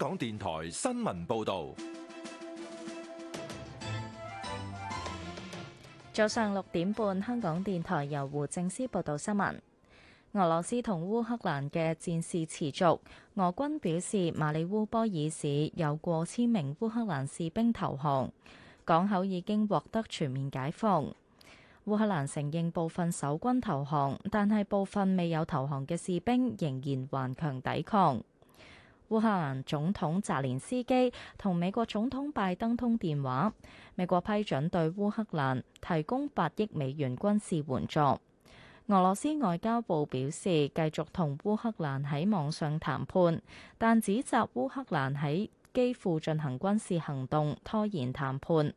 港電台新聞報道：早上六點半，香港電台由胡正思報道新聞。俄羅斯同烏克蘭嘅戰事持續，俄軍表示馬里烏波爾市有過千名烏克蘭士兵投降，港口已經獲得全面解放。烏克蘭承認部分守軍投降，但係部分未有投降嘅士兵仍然頑強抵抗。烏克蘭總統澤連斯基同美國總統拜登通電話，美國批准對烏克蘭提供八億美元軍事援助。俄羅斯外交部表示，繼續同烏克蘭喺網上談判，但指責烏克蘭喺基輔進行軍事行動，拖延談判。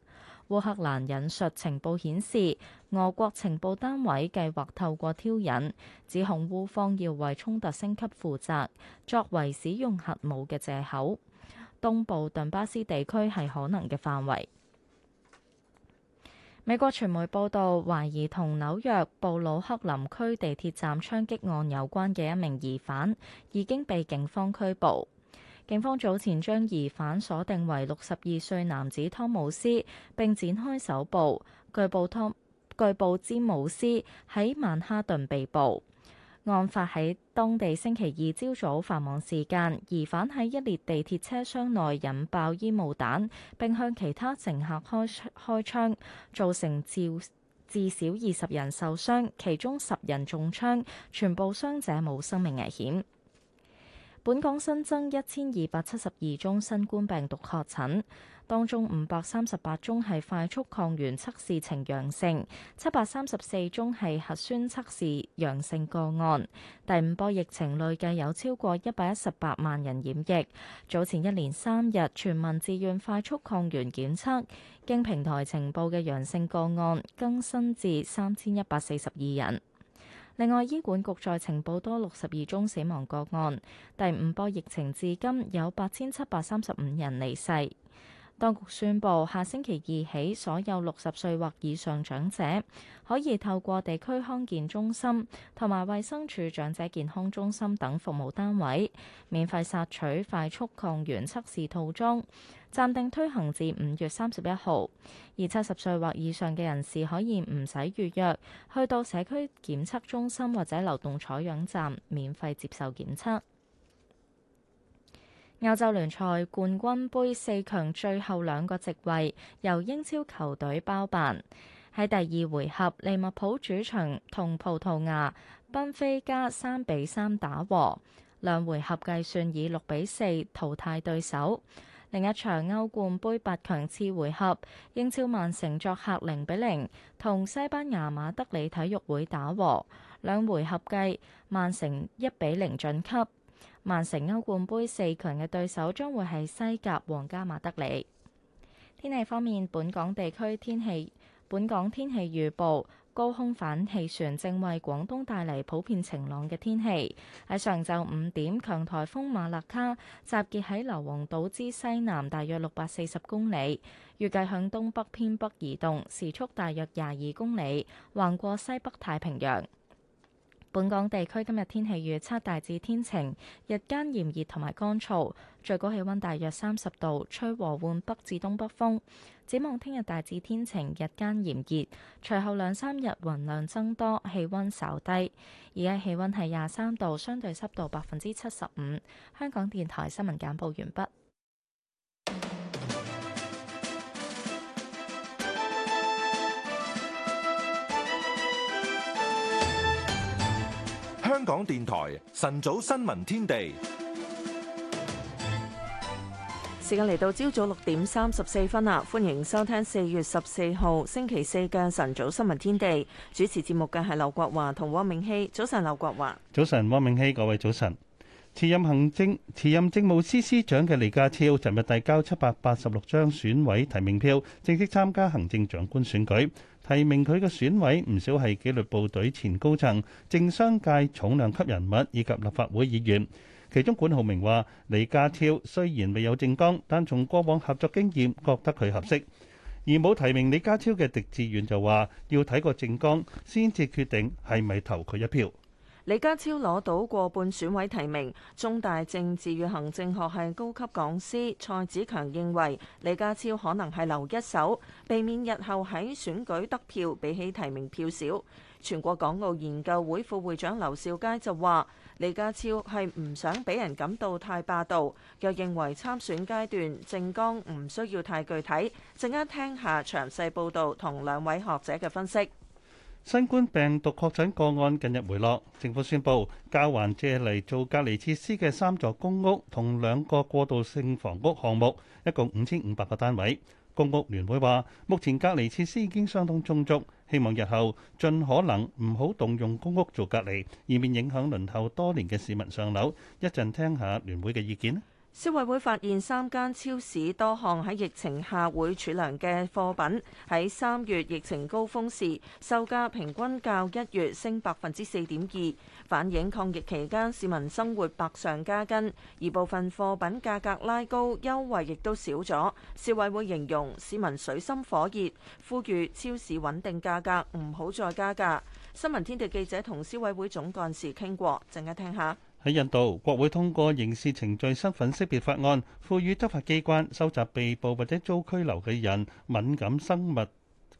烏克蘭引述情報顯示，俄國情報單位計劃透過挑釁，指控烏方要為衝突升級負責，作為使用核武嘅藉口。東部頓巴斯地區係可能嘅範圍。美國傳媒報道，懷疑同紐約布魯克林區地鐵站槍擊案有關嘅一名疑犯，已經被警方拘捕。警方早前將疑犯鎖定為六十二歲男子湯姆斯，並展開搜捕。據報湯據報詹姆斯喺曼哈頓被捕。案發喺當地星期二朝早繁忙時間，疑犯喺一列地鐵車廂內引爆煙霧彈，並向其他乘客開開槍，造成至至少二十人受傷，其中十人中槍，全部傷者冇生命危險。本港新增一千二百七十二宗新冠病毒確診，當中五百三十八宗係快速抗原測試呈陽性，七百三十四宗係核酸測試陽性個案。第五波疫情累計有超過一百一十八萬人染疫。早前一連三日全民自願快速抗原檢測，經平台情報嘅陽性個案更新至三千一百四十二人。另外，醫管局再呈報多六十二宗死亡個案，第五波疫情至今有八千七百三十五人離世。當局宣布，下星期二起，所有六十歲或以上長者可以透過地區康健中心同埋衛生署長者健康中心等服務單位，免費索取快速抗原測試套裝，暫定推行至五月三十一號。而七十歲或以上嘅人士可以唔使預約，去到社區檢測中心或者流動採樣站，免費接受檢測。歐洲聯賽冠軍杯四強最後兩個席位由英超球隊包辦。喺第二回合，利物浦主場同葡萄牙、賓菲加三比三打和，兩回合計算以六比四淘汰對手。另一場歐冠杯八強次回合，英超曼城作客零比零同西班牙馬德里體育會打和，兩回合計曼城一比零晉級。曼城歐冠杯四強嘅對手將會係西甲皇家馬德里。天氣方面，本港地區天氣，本港天氣預報，高空反氣旋正為廣東帶嚟普遍晴朗嘅天氣。喺上晝五點，強颱風馬勒卡集結喺硫磺島之西南大約六百四十公里，預計向東北偏北移動，時速大約廿二公里，橫過西北太平洋。本港地區今日天氣預測，大致天晴，日間炎熱同埋乾燥，最高氣溫大約三十度，吹和緩北至東北風。展望聽日大致天晴，日間炎熱，隨後兩三日雲量增多，氣温稍低。而家氣温係廿三度，相對濕度百分之七十五。香港電台新聞簡報完畢。香港電台晨早新聞天地，時間嚟到朝早六點三十四分啦，歡迎收聽四月十四號星期四嘅晨早新聞天地。主持節目嘅係劉國華同汪明熙。早晨，劉國華。早晨，汪明熙。各位早晨。辭任行政、辭任政務司司長嘅李家超，尋日遞交七百八十六張選委提名票，正式參加行政長官選舉。提名佢嘅選委唔少係紀律部隊前高層、政商界重量級人物以及立法會議員，其中管浩明話：李家超雖然未有政綱，但從過往合作經驗覺得佢合適。而冇提名李家超嘅狄志遠就話：要睇過政綱先至決定係咪投佢一票。李家超攞到過半選委提名，中大政治與行政學系高級講師蔡子強認為李家超可能係留一手，避免日後喺選舉得票比起提名票少。全國港澳研究會副會長劉兆佳就話：李家超係唔想俾人感到太霸道，又認為參選階段政綱唔需要太具體。陣間聽下詳細報導同兩位學者嘅分析。新冠病毒確診個案近日回落，政府宣布交還借嚟做隔離設施嘅三座公屋同兩個過渡性房屋項目，一共五千五百個單位。公屋聯會話：目前隔離設施已經相當充足，希望日後盡可能唔好動用公屋做隔離，以免影響輪候多年嘅市民上樓。一陣聽下聯會嘅意見。消委會發現三間超市多項喺疫情下會儲糧嘅貨品，喺三月疫情高峰時售價平均較一月升百分之四點二，反映抗疫期間市民生活百上加斤，而部分貨品價格拉高，優惠亦都少咗。消委會形容市民水深火熱，呼籲超市穩定價格，唔好再加價。新聞天地記者同消委會總幹事傾過，陣間聽下。喺印度，國會通過刑事程序身份識別法案，賦予執法機關收集被捕或者遭拘留嘅人敏感生物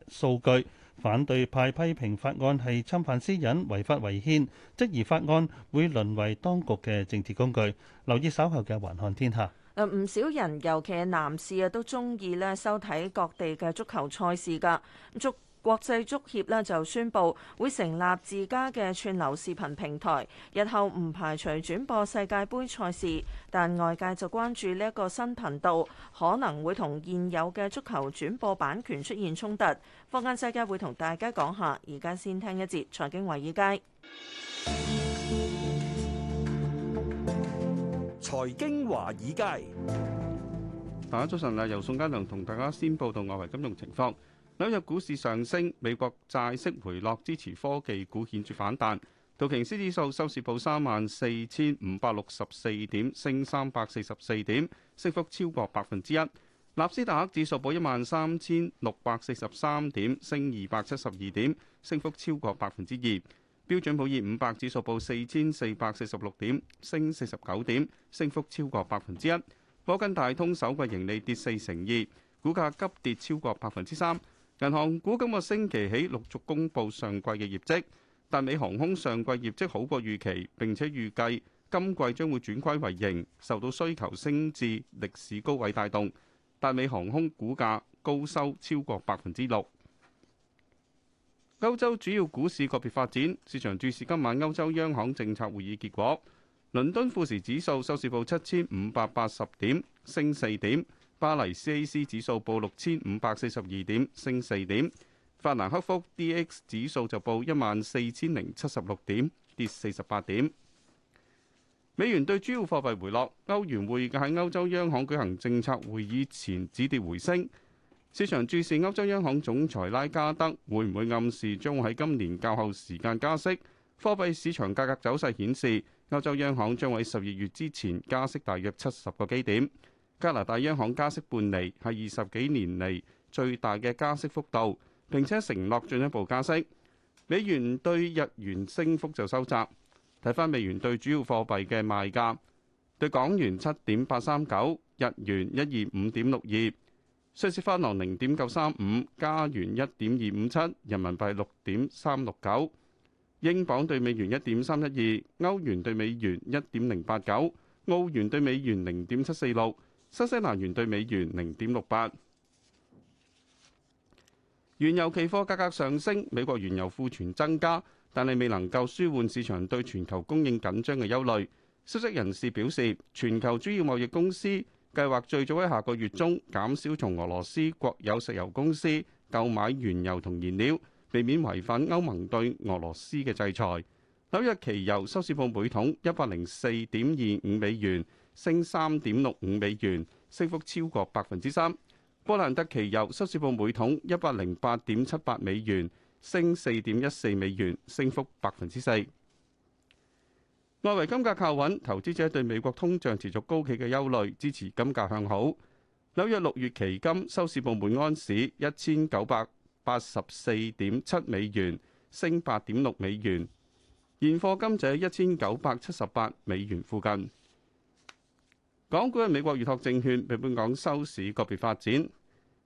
數據。反對派批評法案係侵犯私隱、違法違憲，質疑法案會淪為當局嘅政治工具。留意稍後嘅《環看天下》。誒，唔少人，尤其係男士啊，都中意呢收睇各地嘅足球賽事㗎。足國際足協咧就宣布會成立自家嘅串流視頻平台，日後唔排除轉播世界盃賽事，但外界就關注呢一個新頻道可能會同現有嘅足球轉播版權出現衝突。放眼世界會同大家講下，而家先聽一節《財經華爾街》。財經華爾街，大家早晨啊！由宋嘉良同大家先報道外圍金融情況。紐約股市上升，美國債息回落，支持科技股顯著反彈。道瓊斯指數收市報三萬四千五百六十四點，升三百四十四點，升幅超過百分之一。納斯達克指數報一萬三千六百四十三點，升二百七十二點，升幅超過百分之二。標準普爾五百指數報四千四百四十六點，升四十九點，升幅超過百分之一。摩根大通首季盈利跌四成二，股價急跌超過百分之三。銀行股今個星期起陸續公布上季嘅業績，達美航空上季業績好過預期，並且預計今季將會轉虧為盈，受到需求升至歷史高位帶動，達美航空股價高收超過百分之六。歐洲主要股市個別發展，市場注視今晚歐洲央行政策會議結果。倫敦富時指數收市報七千五百八十點，升四點。巴黎 CAC 指數報六千五百四十二點，升四點。法蘭克福 DAX 指數就報一萬四千零七十六點，跌四十八點。美元對主要貨幣回落，歐元匯價喺歐洲央行舉行政策會議前止跌回升。市場注視歐洲央行總裁拉加德會唔會暗示將會喺今年較後時間加息。貨幣市場價格走勢顯示，歐洲央行將喺十二月之前加息大約七十個基點。加拿大央行加息半厘，係二十幾年嚟最大嘅加息幅度，並且承諾進一步加息。美元對日元升幅就收窄。睇返美元對主要貨幣嘅賣價，對港元七點八三九，日元一二五點六二，瑞士法郎零點九三五，加元一點二五七，人民幣六點三六九，英鎊對美元一點三一二，歐元對美元一點零八九，澳元對美元零點七四六。新西蘭元兌美元零點六八，原油期貨價格上升，美國原油庫存增加，但係未能夠舒緩市場對全球供應緊張嘅憂慮。消息人士表示，全球主要貿易公司計劃最早喺下個月中減少從俄羅斯國有石油公司購買原油同燃料，避免違反歐盟對俄羅斯嘅制裁。紐約期油收市報每桶一百零四點二五美元。升三點六五美元，升幅超過百分之三。波蘭特期油收市報每桶一百零八點七八美元，升四點一四美元，升幅百分之四。外圍金價靠穩，投資者對美國通脹持續高企嘅憂慮支持金價向好。紐約六月期金收市報每安士一千九百八十四點七美元，升八點六美元。現貨金則喺一千九百七十八美元附近。港股嘅美國預託證券比本港收市個別發展，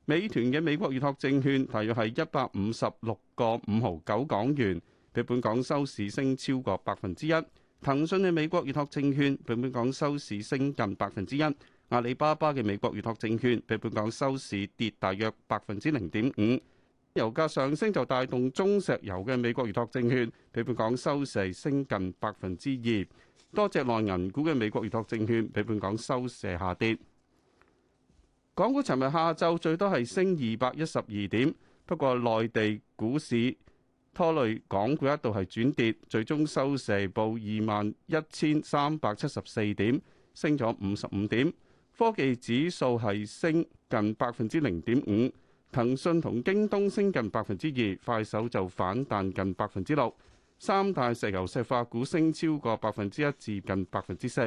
美團嘅美國預託證券大約係一百五十六個五毫九港元，比本港收市升超過百分之一。騰訊嘅美國預託證券比本港收市升近百分之一。阿里巴巴嘅美國預託證券比本港收市跌大約百分之零點五。油價上升就帶動中石油嘅美國預託證券比本港收市升近百分之二。多隻內銀股嘅美國預託證券被本港收市下跌。港股尋日下晝最多係升二百一十二點，不過內地股市拖累港股一度係轉跌，最終收市報二萬一千三百七十四點，升咗五十五點。科技指數係升近百分之零點五，騰訊同京東升近百分之二，快手就反彈近百分之六。三大石油石化股升超過百分之一至近百分之四。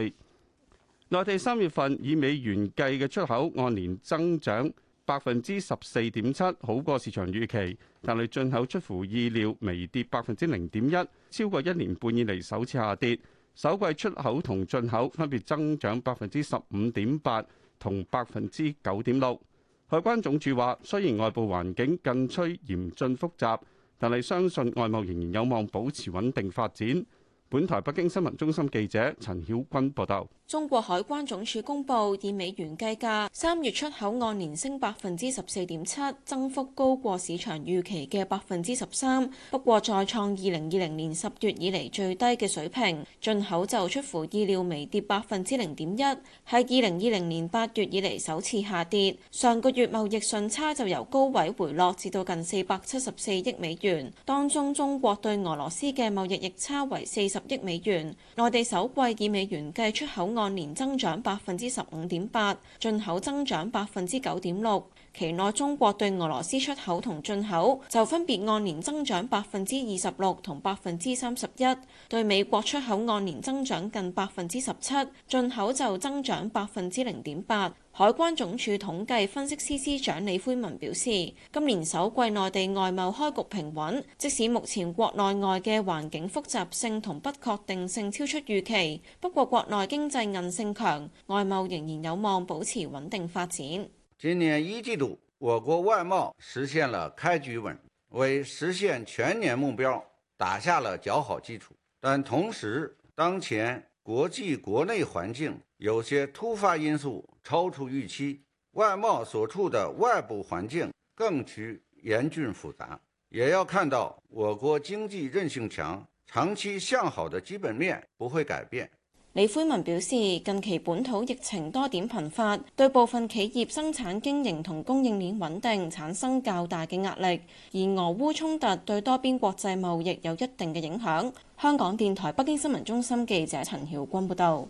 內地三月份以美元計嘅出口按年增長百分之十四點七，好過市場預期，但係進口出乎意料微跌百分之零點一，超過一年半以嚟首次下跌。首季出口同進口分別增長百分之十五點八同百分之九點六。海關總署話，雖然外部環境更趨嚴峻複雜。但係相信外貿仍然有望保持穩定發展。本台北京新聞中心記者陳曉君報道。中國海關總署公布以美元計價，三月出口按年升百分之十四點七，增幅高過市場預期嘅百分之十三，不過再創二零二零年十月以嚟最低嘅水平。進口就出乎意料微跌百分之零點一，喺二零二零年八月以嚟首次下跌。上個月貿易順差就由高位回落至到近四百七十四億美元，當中中國對俄羅斯嘅貿易逆差為四十億美元。內地首季以美元計出口岸。按年增長百分之十五點八，進口增長百分之九點六。期內中國對俄羅斯出口同進口就分別按年增長百分之二十六同百分之三十一，對美國出口按年增長近百分之十七，進口就增長百分之零點八。海關總署統計分析司司長李輝文表示，今年首季內地外貿開局平穩，即使目前國內外嘅環境複雜性同不確定性超出預期，不過國內經濟韌性強，外貿仍然有望保持穩定發展。今年一季度，我國外貿實現了開局穩，為實現全年目標打下了較好基礎。但同時，當前國際國內環境有些突發因素。超出預期，外貿所處的外部環境更趨嚴峻複雜。也要看到我國經濟韌性強，長期向好的基本面不會改變。李輝文表示，近期本土疫情多點頻發，對部分企業生產經營同供應鏈穩定產生較大嘅壓力。而俄烏衝突對多邊國際貿易有一定嘅影響。香港電台北京新聞中心記者陳曉君報道。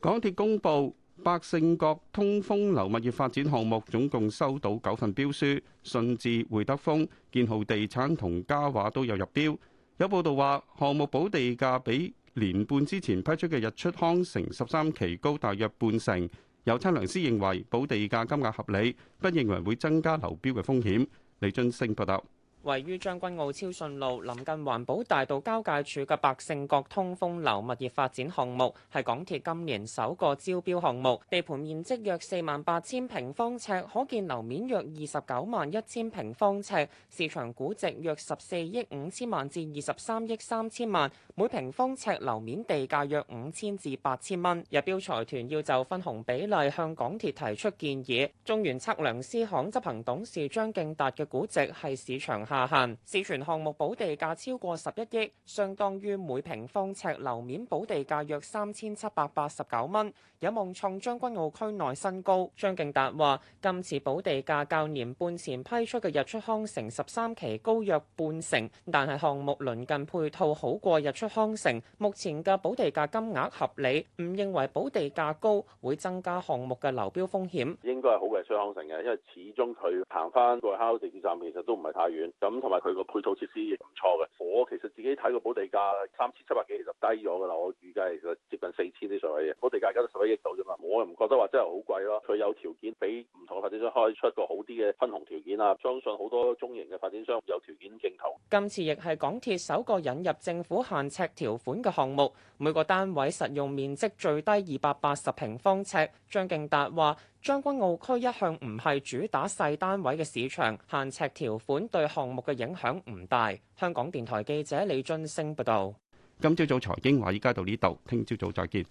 港鐵公布。百盛閣通風樓物業發展項目總共收到九份標書，信置、匯德豐、建浩地產同嘉華都有入標。有報道話，項目保地價比年半之前批出嘅日出康城十三期高大約半成。有測量師認為保地價金額合理，不認為會增加流標嘅風險。李俊升報道。位於將軍澳超信路、臨近環保大道交界處嘅百勝角通風樓物業發展項目，係港鐵今年首個招標項目，地盤面積約四萬八千平方尺，可建樓面約二十九萬一千平方尺，市場估值約十四億五千萬至二十三億三千萬，每平方尺樓面地價約五千至八千蚊。入標財團要就分紅比例向港鐵提出建議。中原測量師行執行董事張敬達嘅估值係市場下限。市全項目保地價超過十一億，相當於每平方尺樓面保地價約三千七百八十九蚊，有望創將軍澳區內新高。張敬達話今次保地價較年半前批出嘅日出康城十三期高約半成，但係項目鄰近配套好過日出康城，目前嘅保地價金額合理，唔認為保地價高會增加項目嘅流標風險。應該係好嘅，日出康城嘅，因為始終佢行翻個香港地鐵站其實都唔係太遠。咁同埋佢個配套設施亦唔錯嘅，我其實自己睇個補地價三千七百幾，其實低咗噶啦，我預計其實接近四千啲上位嘅，補地價而家都十一億度啫嘛，我又唔覺得話真係好貴咯。佢有條件俾唔同嘅發展商開出個好啲嘅分紅條件啊，相信好多中型嘅發展商有條件競投。今次亦係港鐵首個引入政府限尺條款嘅項目，每個單位實用面積最低二百八十平方尺。張敬達話。將軍澳區一向唔係主打細單位嘅市場，限尺條款對項目嘅影響唔大。香港電台記者李俊升報道。今朝早財經話依家到呢度，聽朝早再見。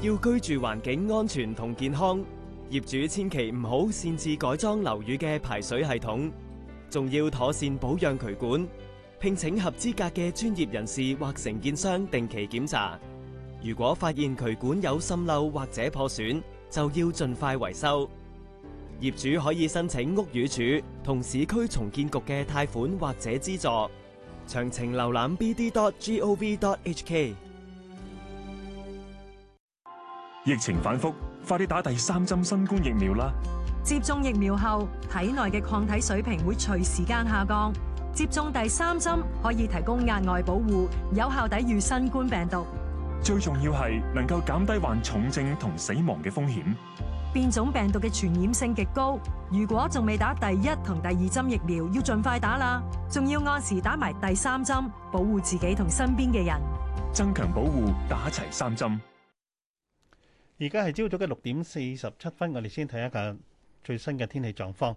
要居住環境安全同健康，業主千祈唔好擅自改裝樓宇嘅排水系統，仲要妥善保養渠管，聘請合資格嘅專業人士或承建商定期檢查。如果發現渠管有滲漏或者破損，就要盡快維修，業主可以申請屋宇署同市區重建局嘅貸款或者資助。詳情瀏覽 bd.gov.hk。疫情反覆，快啲打第三針新冠疫苗啦！接種疫苗後，體內嘅抗體水平會隨時間下降，接種第三針可以提供額外保護，有效抵禦新冠病毒。最重要係能夠減低患重症同死亡嘅風險。變種病毒嘅傳染性極高，如果仲未打第一同第二針疫苗，要盡快打啦。仲要按時打埋第三針，保護自己同身邊嘅人。增強保護，打齊三針。而家係朝早嘅六點四十七分，我哋先睇下最新嘅天氣狀況。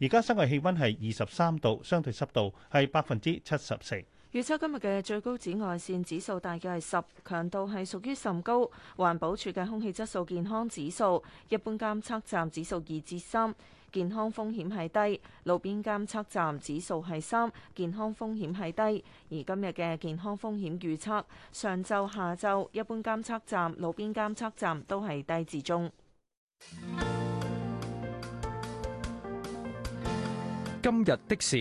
而家室外氣溫係二十三度，相對濕度係百分之七十四。預測今日嘅最高紫外線指數大概係十，強度係屬於甚高。環保署嘅空氣質素健康指數，一般監測站指數二至三，健康風險係低；路邊監測站指數係三，健康風險係低。而今日嘅健康風險預測，上晝、下晝一般監測站、路邊監測站都係低至中。今日的事，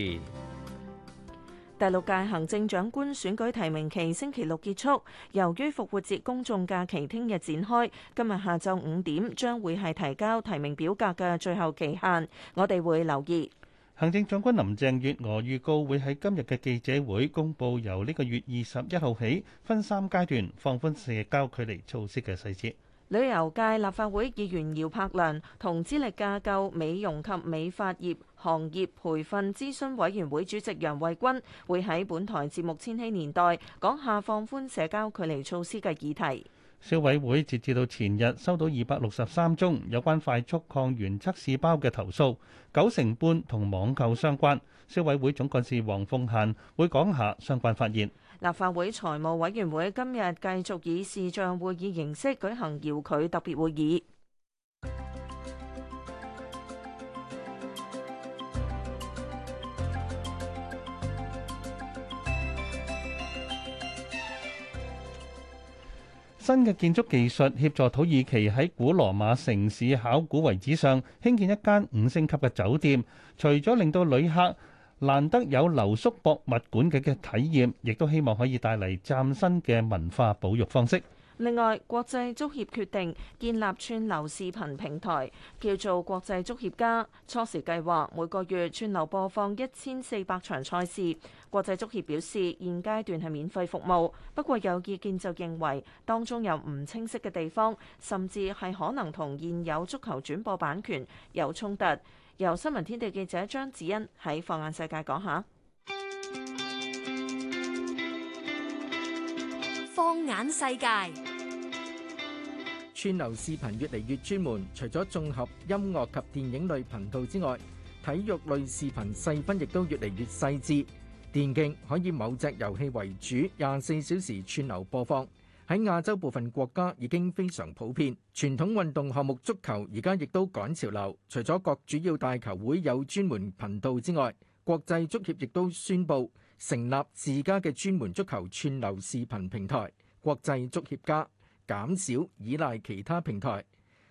第六屆行政長官選舉提名期星期六結束。由於復活節公眾假期聽日展開，今日下晝五點將會係提交提名表格嘅最後期限。我哋會留意行政長官林鄭月娥預告會喺今日嘅記者會公佈由呢個月二十一號起分三階段放寬社交距離措施嘅細節。旅遊界立法會議員姚柏良同資歷架構美容及美髮業行業培訓諮詢委員會主席楊惠君會喺本台節目《千禧年代》講下放寬社交距離措施嘅議題。消委會截至到前日收到二百六十三宗有關快速抗原測試包嘅投訴，九成半同網購相關。消委會總幹事黃鳳嫺會講下相關發現。立法會財務委員會今日繼續以視像會議形式舉行遙距特別會議。新嘅建築技術協助土耳其喺古羅馬城市考古遺址上興建一間五星級嘅酒店，除咗令到旅客難得有留宿博物館嘅嘅體驗，亦都希望可以帶嚟嶄新嘅文化保育方式。另外，國際足協決定建立串流視頻平台，叫做國際足協家。初時計劃每個月串流播放一千四百場賽事。國際足協表示，現階段係免費服務。不過有意見就認為，當中有唔清晰嘅地方，甚至係可能同現有足球轉播版權有衝突。由新聞天地記者張子欣喺放眼世界講下。放眼世界串流視頻越嚟越專門，除咗綜合音樂及電影類頻道之外，體育類視頻細分亦都越嚟越細緻。電競可以以某隻遊戲為主，廿四小時串流播放。喺亞洲部分國家已經非常普遍，傳統運動項目足球而家亦都趕潮流。除咗各主要大球會有專門頻道之外，國際足協亦都宣布成立自家嘅專門足球串流視頻平台——國際足協加，減少依賴其他平台。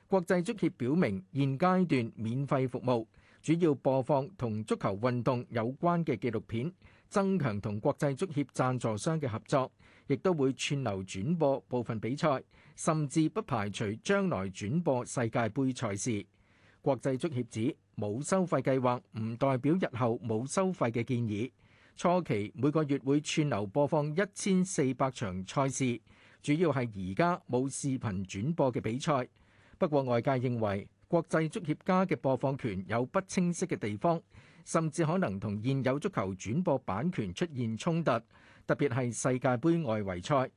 國際足協表明現階段免費服務，主要播放同足球運動有關嘅紀錄片，增強同國際足協贊助商嘅合作。亦都會串流轉播部分比賽，甚至不排除將來轉播世界盃賽事。國際足協指冇收費計劃，唔代表日後冇收費嘅建議。初期每個月會串流播放一千四百場賽事，主要係而家冇視頻轉播嘅比賽。不過外界認為，國際足協家嘅播放權有不清晰嘅地方，甚至可能同現有足球轉播版權出現衝突。特別係世界盃外圍賽，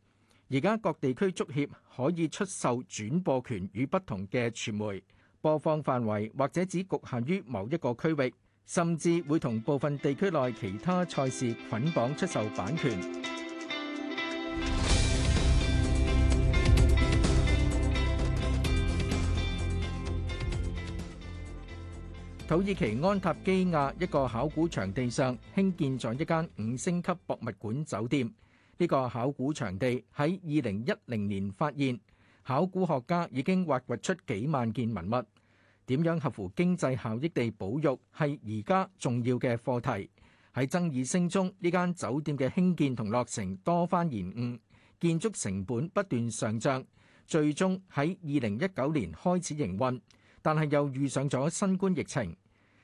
而家各地區足協可以出售轉播權與不同嘅傳媒播放範圍，或者只局限於某一個區域，甚至會同部分地區內其他賽事捆綁出售版權。土耳其安塔基亞一個考古場地上興建咗一間五星級博物館酒店。呢個考古場地喺二零一零年發現，考古學家已經挖掘出幾萬件文物。點樣合乎經濟效益地保育係而家重要嘅課題。喺爭議聲中，呢間酒店嘅興建同落成多番延誤，建築成本不斷上漲，最終喺二零一九年開始營運。但係又遇上咗新冠疫情，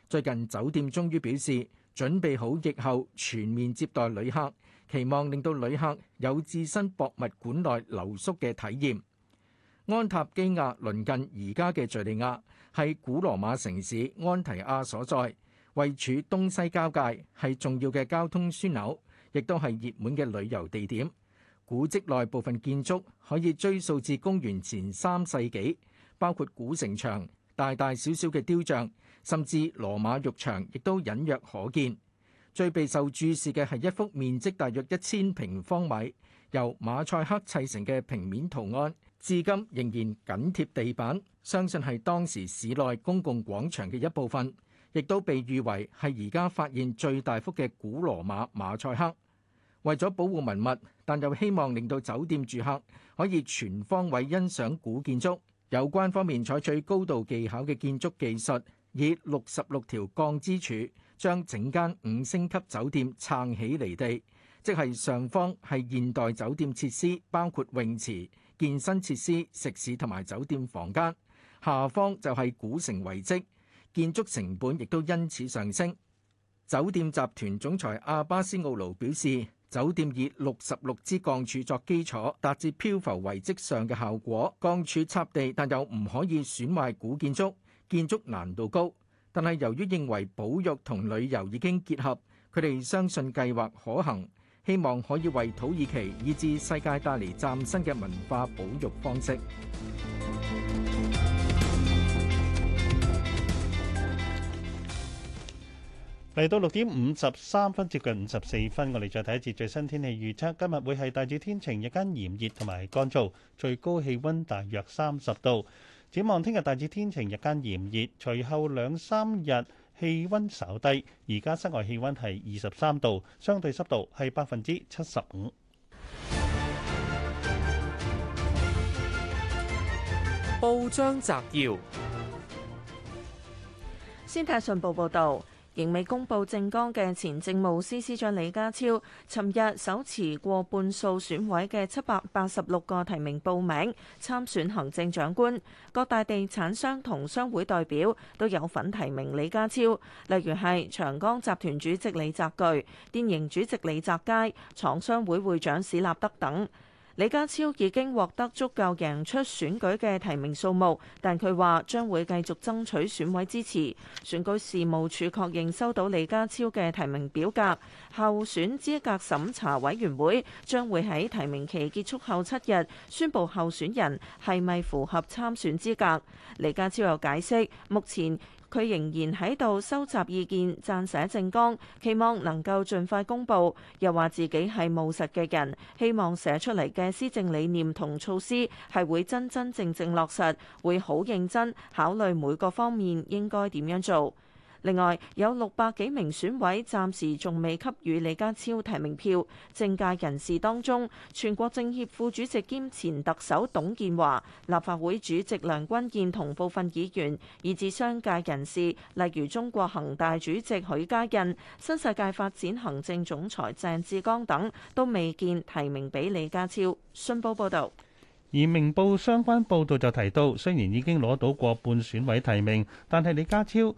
最近酒店終於表示準備好疫後全面接待旅客，期望令到旅客有置身博物館內留宿嘅體驗。安塔基亞鄰近而家嘅敍利亞，係古羅馬城市安提亞所在，位處東西交界，係重要嘅交通樞紐，亦都係熱門嘅旅遊地點。古跡內部分建築可以追溯至公元前三世紀，包括古城牆。大大小小嘅雕像，甚至羅馬浴場亦都隱約可見。最備受注視嘅係一幅面積大約一千平方米、由馬賽克砌成嘅平面圖案，至今仍然緊貼地板，相信係當時市內公共廣場嘅一部分，亦都被譽為係而家發現最大幅嘅古羅馬馬賽克。為咗保護文物，但又希望令到酒店住客可以全方位欣賞古建築。有關方面採取高度技巧嘅建築技術，以六十六條鋼支柱將整間五星級酒店撐起離地，即係上方係現代酒店設施，包括泳池、健身設施、食肆同埋酒店房間；下方就係古城遺跡。建築成本亦都因此上升。酒店集團總裁阿巴斯奧盧盧表示。酒店以六十六支鋼柱作基礎，達至漂浮遺蹟上嘅效果。鋼柱插地，但又唔可以損壞古建築。建築難度高，但係由於認為保育同旅遊已經結合，佢哋相信計劃可行，希望可以為土耳其以至世界帶嚟嶄新嘅文化保育方式。嚟到六點五十三分，接近五十四分，我哋再睇一次最新天氣預測。今日會係大致天晴，日間炎熱同埋乾燥，最高氣溫大約三十度。展望聽日大致天晴，日間炎熱，隨後兩三日氣溫稍低。而家室外氣溫係二十三度，相對濕度係百分之七十五。報章摘要：《先睇信報》報道。仍未公布政綱嘅前政務司司長李家超，尋日手持過半數選委嘅七百八十六個提名報名參選行政長官，各大地產商同商會代表都有份提名李家超，例如係長江集團主席李澤钜、電盈主席李澤楷、廠商會會長史立德等。李家超已經獲得足夠贏出選舉嘅提名數目，但佢話將會繼續爭取選委支持。選舉事務處確認收到李家超嘅提名表格，候選資格審查委員會將會喺提名期結束後七日宣布候選人係咪符合參選資格。李家超又解釋，目前，佢仍然喺度收集意見撰寫政綱，期望能夠盡快公布。又話自己係務實嘅人，希望寫出嚟嘅施政理念同措施係會真真正正落實，會好認真考慮每個方面應該點樣做。另外有六百幾名選委暫時仲未給予李家超提名票，政界人士當中，全國政協副主席兼前特首董建華、立法會主席梁君彥同部分議員，以至商界人士，例如中國恒大主席許家印、新世界發展行政總裁鄭志剛等，都未見提名俾李家超。信報報導，而明報相關報導就提到，雖然已經攞到過半選委提名，但係李家超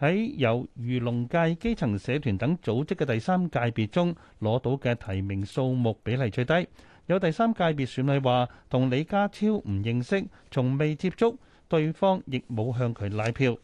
喺由漁農界、基層社團等組織嘅第三界別中攞到嘅提名數目比例最低，有第三界別選委話同李家超唔認識，從未接觸，對方，亦冇向佢拉票。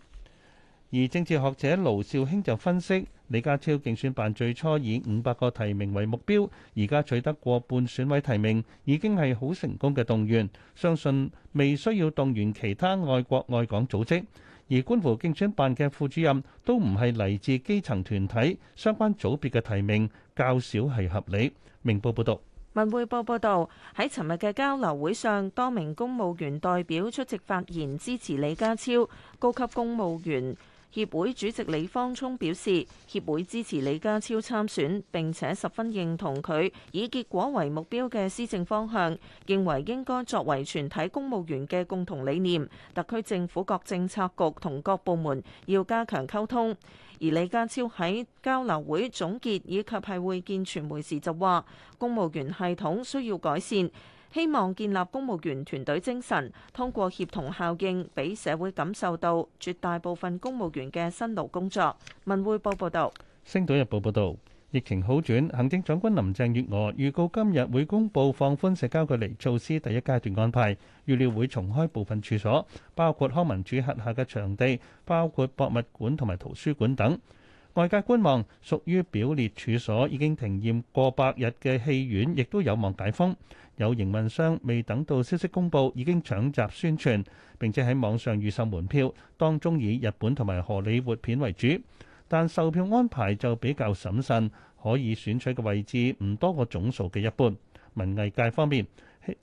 而政治學者盧兆興就分析，李家超競選辦最初以五百個提名為目標，而家取得過半選委提名，已經係好成功嘅動員，相信未需要動員其他愛國愛港組織。而觀乎競選辦嘅副主任都唔係嚟自基層團體相關組別嘅提名，較少係合理。明報報導，文匯報報導，喺尋日嘅交流會上，多名公務員代表出席發言支持李家超，高級公務員。協會主席李方沖表示，協會支持李家超參選，並且十分認同佢以結果為目標嘅施政方向，認為應該作為全體公務員嘅共同理念。特區政府各政策局同各部門要加強溝通。而李家超喺交流會總結以及係會見傳媒時就話，公務員系統需要改善。希望建立公務員團隊精神，通過協同效應，俾社會感受到絕大部分公務員嘅辛勞工作。文匯報報道：「星島日報》報道，疫情好轉，行政長官林鄭月娥預告今日會公布放寬社交距離措施第一階段安排，預料會重開部分處所，包括康文署核下嘅場地，包括博物館同埋圖書館等。外界觀望，屬於表列處所已經停業過百日嘅戲院，亦都有望解封。有營運商未等到消息公佈，已經搶閘宣傳，並且喺網上預售門票，當中以日本同埋荷里活片為主。但售票安排就比較審慎，可以選取嘅位置唔多過總數嘅一半。文藝界方面，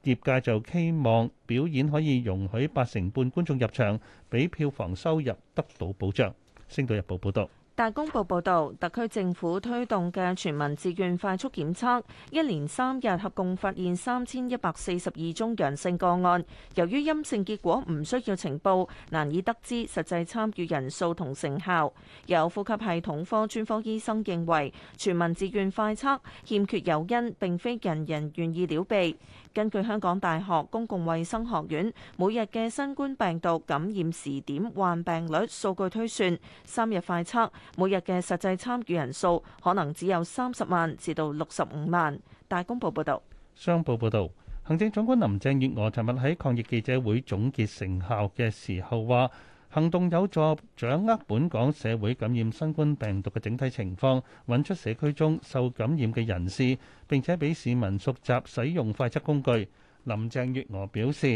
業界就希望表演可以容許八成半觀眾入場，俾票房收入得到保障。星島日報報導。大公報報導，特區政府推動嘅全民自願快速檢測，一連三日合共發現三千一百四十二宗陽性個案。由於陰性結果唔需要呈報，難以得知實際參與人數同成效。有呼吸系統科專科醫生認為，全民自願快測欠缺誘因，並非人人願意撩鼻。根據香港大學公共衛生學院每日嘅新冠病毒感染時點患病率數據推算，三日快測每日嘅實際參與人數可能只有三十萬至到六十五萬。大公報報道，商報報道，行政長官林鄭月娥尋日喺抗疫記者會總結成效嘅時候話。行動有助掌握本港社會感染新冠病毒嘅整體情況，揾出社區中受感染嘅人士，並且俾市民熟習使用快測工具。林鄭月娥表示，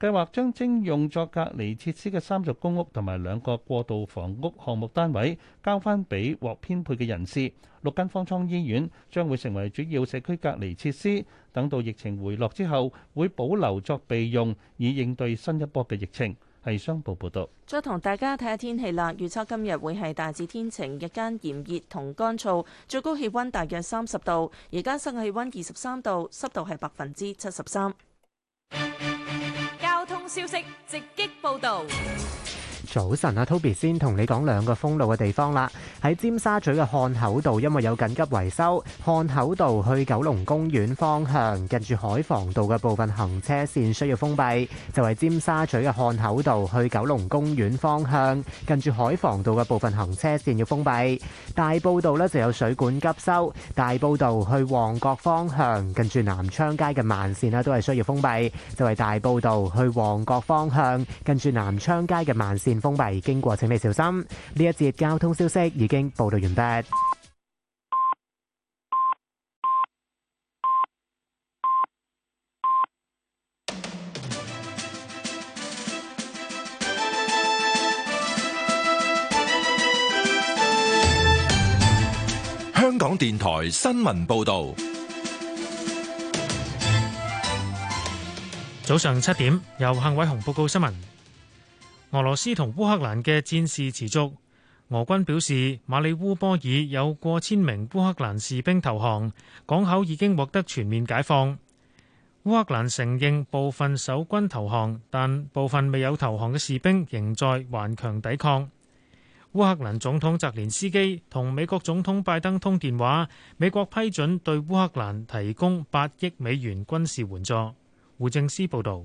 計劃將徵用作隔離設施嘅三座公屋同埋兩個過渡房屋項目單位交返俾獲編配嘅人士。六間方艙醫院將會成為主要社區隔離設施，等到疫情回落之後，會保留作備用，以應對新一波嘅疫情。係商報報道，再同大家睇下天氣啦。預測今日會係大致天晴，日間炎熱同乾燥，最高氣溫大約三十度，而家室外氣溫二十三度，濕度係百分之七十三。交通消息，直擊報道。早晨啊，Toby 先同你講兩個封路嘅地方啦。喺尖沙咀嘅漢口道，因為有緊急維修，漢口道去九龍公園方向，近住海防道嘅部分行車線需要封閉，就係尖沙咀嘅漢口道去九龍公園方向，近住海防道嘅部分行車線要封閉。大埔道咧就有水管急修，大埔道去旺角方向，近住南昌街嘅慢線啦，都係需要封閉，就係大埔道去旺角方向，近住南昌街嘅慢線。封閉，經過，請你小心。呢一節交通消息已經報道完畢。香港電台新聞報道，早上七點，由幸偉雄報告新聞。俄羅斯同烏克蘭嘅戰事持續。俄軍表示，馬里烏波爾有過千名烏克蘭士兵投降，港口已經獲得全面解放。烏克蘭承認部分守軍投降，但部分未有投降嘅士兵仍在頑強抵抗。烏克蘭總統澤連斯基同美國總統拜登通電話，美國批准對烏克蘭提供八億美元軍事援助。胡正思報導。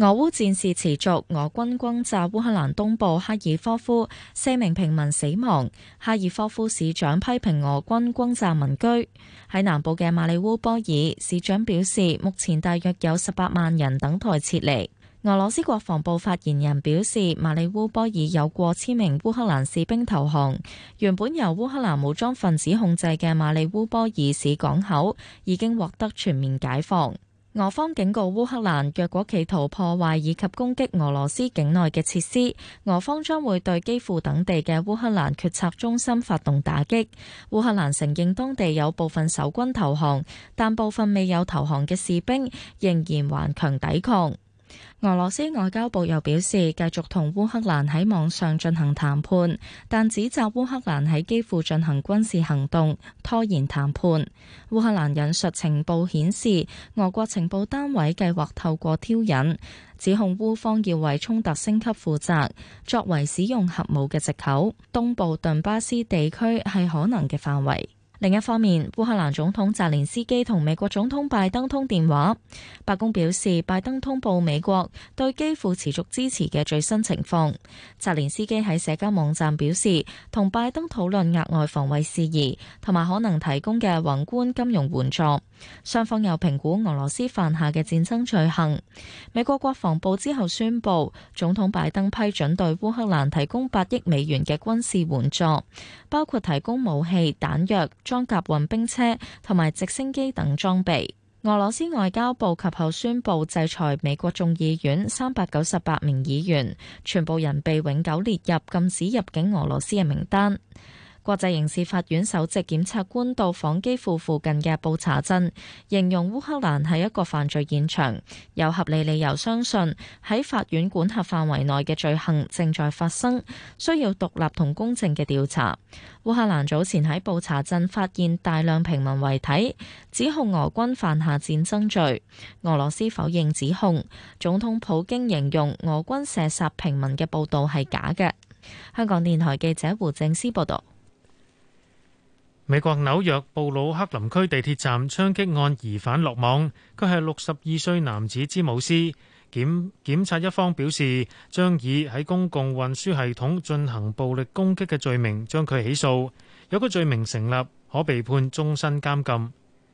俄烏戰事持續，俄軍轟炸烏克蘭東部哈爾科夫，四名平民死亡。哈爾科夫市長批評俄軍轟炸民居。喺南部嘅馬里烏波爾市長表示，目前大約有十八萬人等待撤離。俄羅斯國防部發言人表示，馬里烏波爾有過千名烏克蘭士兵投降。原本由烏克蘭武裝分子控制嘅馬里烏波爾市港口已經獲得全面解放。俄方警告烏克蘭，若果企圖破壞以及攻擊俄羅斯境內嘅設施，俄方將會對基輔等地嘅烏克蘭決策中心發動打擊。烏克蘭承認當地有部分守軍投降，但部分未有投降嘅士兵仍然頑強抵抗。俄羅斯外交部又表示，繼續同烏克蘭喺網上進行談判，但指責烏克蘭喺基輔進行軍事行動，拖延談判。烏克蘭引述情報顯示，俄國情報單位計劃透過挑釁，指控烏方要為衝突升級負責，作為使用核武嘅借口。東部頓巴斯地區係可能嘅範圍。另一方面，烏克蘭總統澤連斯基同美國總統拜登通電話，白宮表示拜登通報美國對基輔持續支持嘅最新情況，澤連斯基喺社交網站表示，同拜登討論額外防衛事宜，同埋可能提供嘅宏觀金融援助。雙方又評估俄羅斯犯下嘅戰爭罪行。美國國防部之後宣布，總統拜登批准對烏克蘭提供八億美元嘅軍事援助，包括提供武器、彈藥。裝甲運兵車同埋直升機等裝備。俄羅斯外交部及後宣布制裁美國眾議院三百九十八名議員，全部人被永久列入禁止入境俄羅斯嘅名單。國際刑事法院首席檢察官到訪基輔附近嘅布查鎮，形容烏克蘭係一個犯罪現場，有合理理由相信喺法院管轄範圍內嘅罪行正在發生，需要獨立同公正嘅調查。烏克蘭早前喺布查鎮發現大量平民遺體，指控俄軍犯下戰爭罪。俄羅斯否認指控，總統普京形容俄軍射殺平民嘅報導係假嘅。香港電台記者胡正思報道。美國紐約布魯克林區地鐵站槍擊案疑犯落網，佢係六十二歲男子詹姆斯。檢檢察一方表示，將以喺公共運輸系統進行暴力攻擊嘅罪名將佢起訴。如果罪名成立，可被判終身監禁。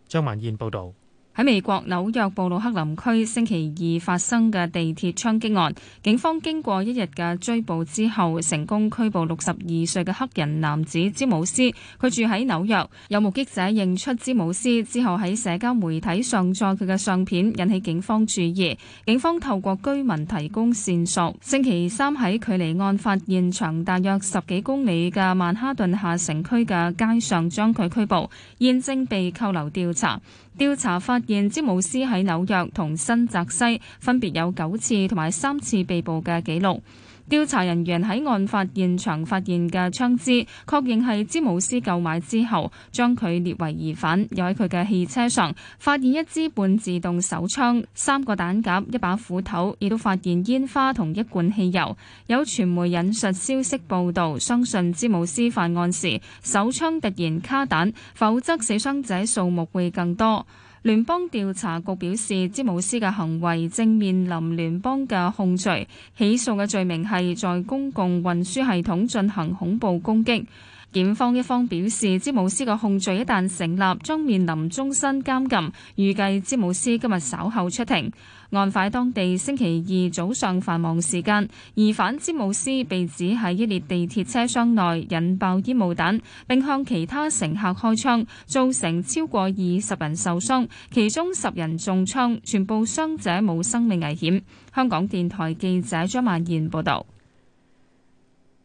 張曼燕報道。喺美國紐約布魯克林區星期二發生嘅地鐵槍擊案，警方經過一日嘅追捕之後，成功拘捕六十二歲嘅黑人男子詹姆斯。佢住喺紐約，有目擊者認出詹姆斯之後喺社交媒體上載佢嘅相片，引起警方注意。警方透過居民提供線索，星期三喺距離案發現場大約十幾公里嘅曼哈頓下城區嘅街上將佢拘捕，現正被扣留調查。調查發現，詹姆斯喺紐約同新澤西分別有九次同埋三次被捕嘅記錄。調查人員喺案發現場發現嘅槍支，確認係詹姆斯購買之後將佢列為疑犯。又喺佢嘅汽車上發現一支半自動手槍、三個彈夾、一把斧頭，亦都發現煙花同一罐汽油。有傳媒引述消息報道，相信詹姆斯犯案時手槍突然卡彈，否則死傷者數目會更多。聯邦調查局表示，詹姆斯嘅行為正面臨聯邦嘅控罪，起訴嘅罪名係在公共運輸系統進行恐怖攻擊。檢方一方表示，詹姆斯嘅控罪一旦成立，將面臨終身監禁。預計詹姆斯今日稍後出庭。案發當地星期二早上繁忙時間，疑犯詹姆斯被指喺一列地鐵車廂內引爆煙霧彈，並向其他乘客開槍，造成超過二十人受傷，其中十人中槍，全部傷者冇生命危險。香港電台記者張萬燕報道。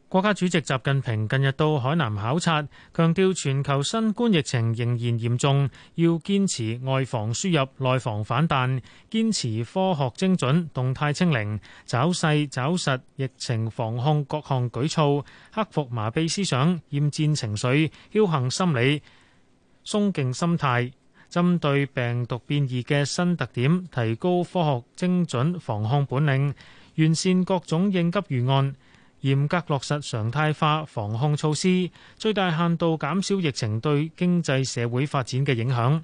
國家主席習近平近日到海南考察，強調全球新冠疫情仍然嚴重，要堅持外防輸入、內防反彈，堅持科學精準、動態清零，找細找實疫情防控各項舉措，克服麻痹思想、厭戰情緒、僥倖心理、鬆勁心態。針對病毒變異嘅新特點，提高科學精準防控本領，完善各種應急預案。嚴格落實常態化防控措施，最大限度減少疫情對經濟社會發展嘅影響，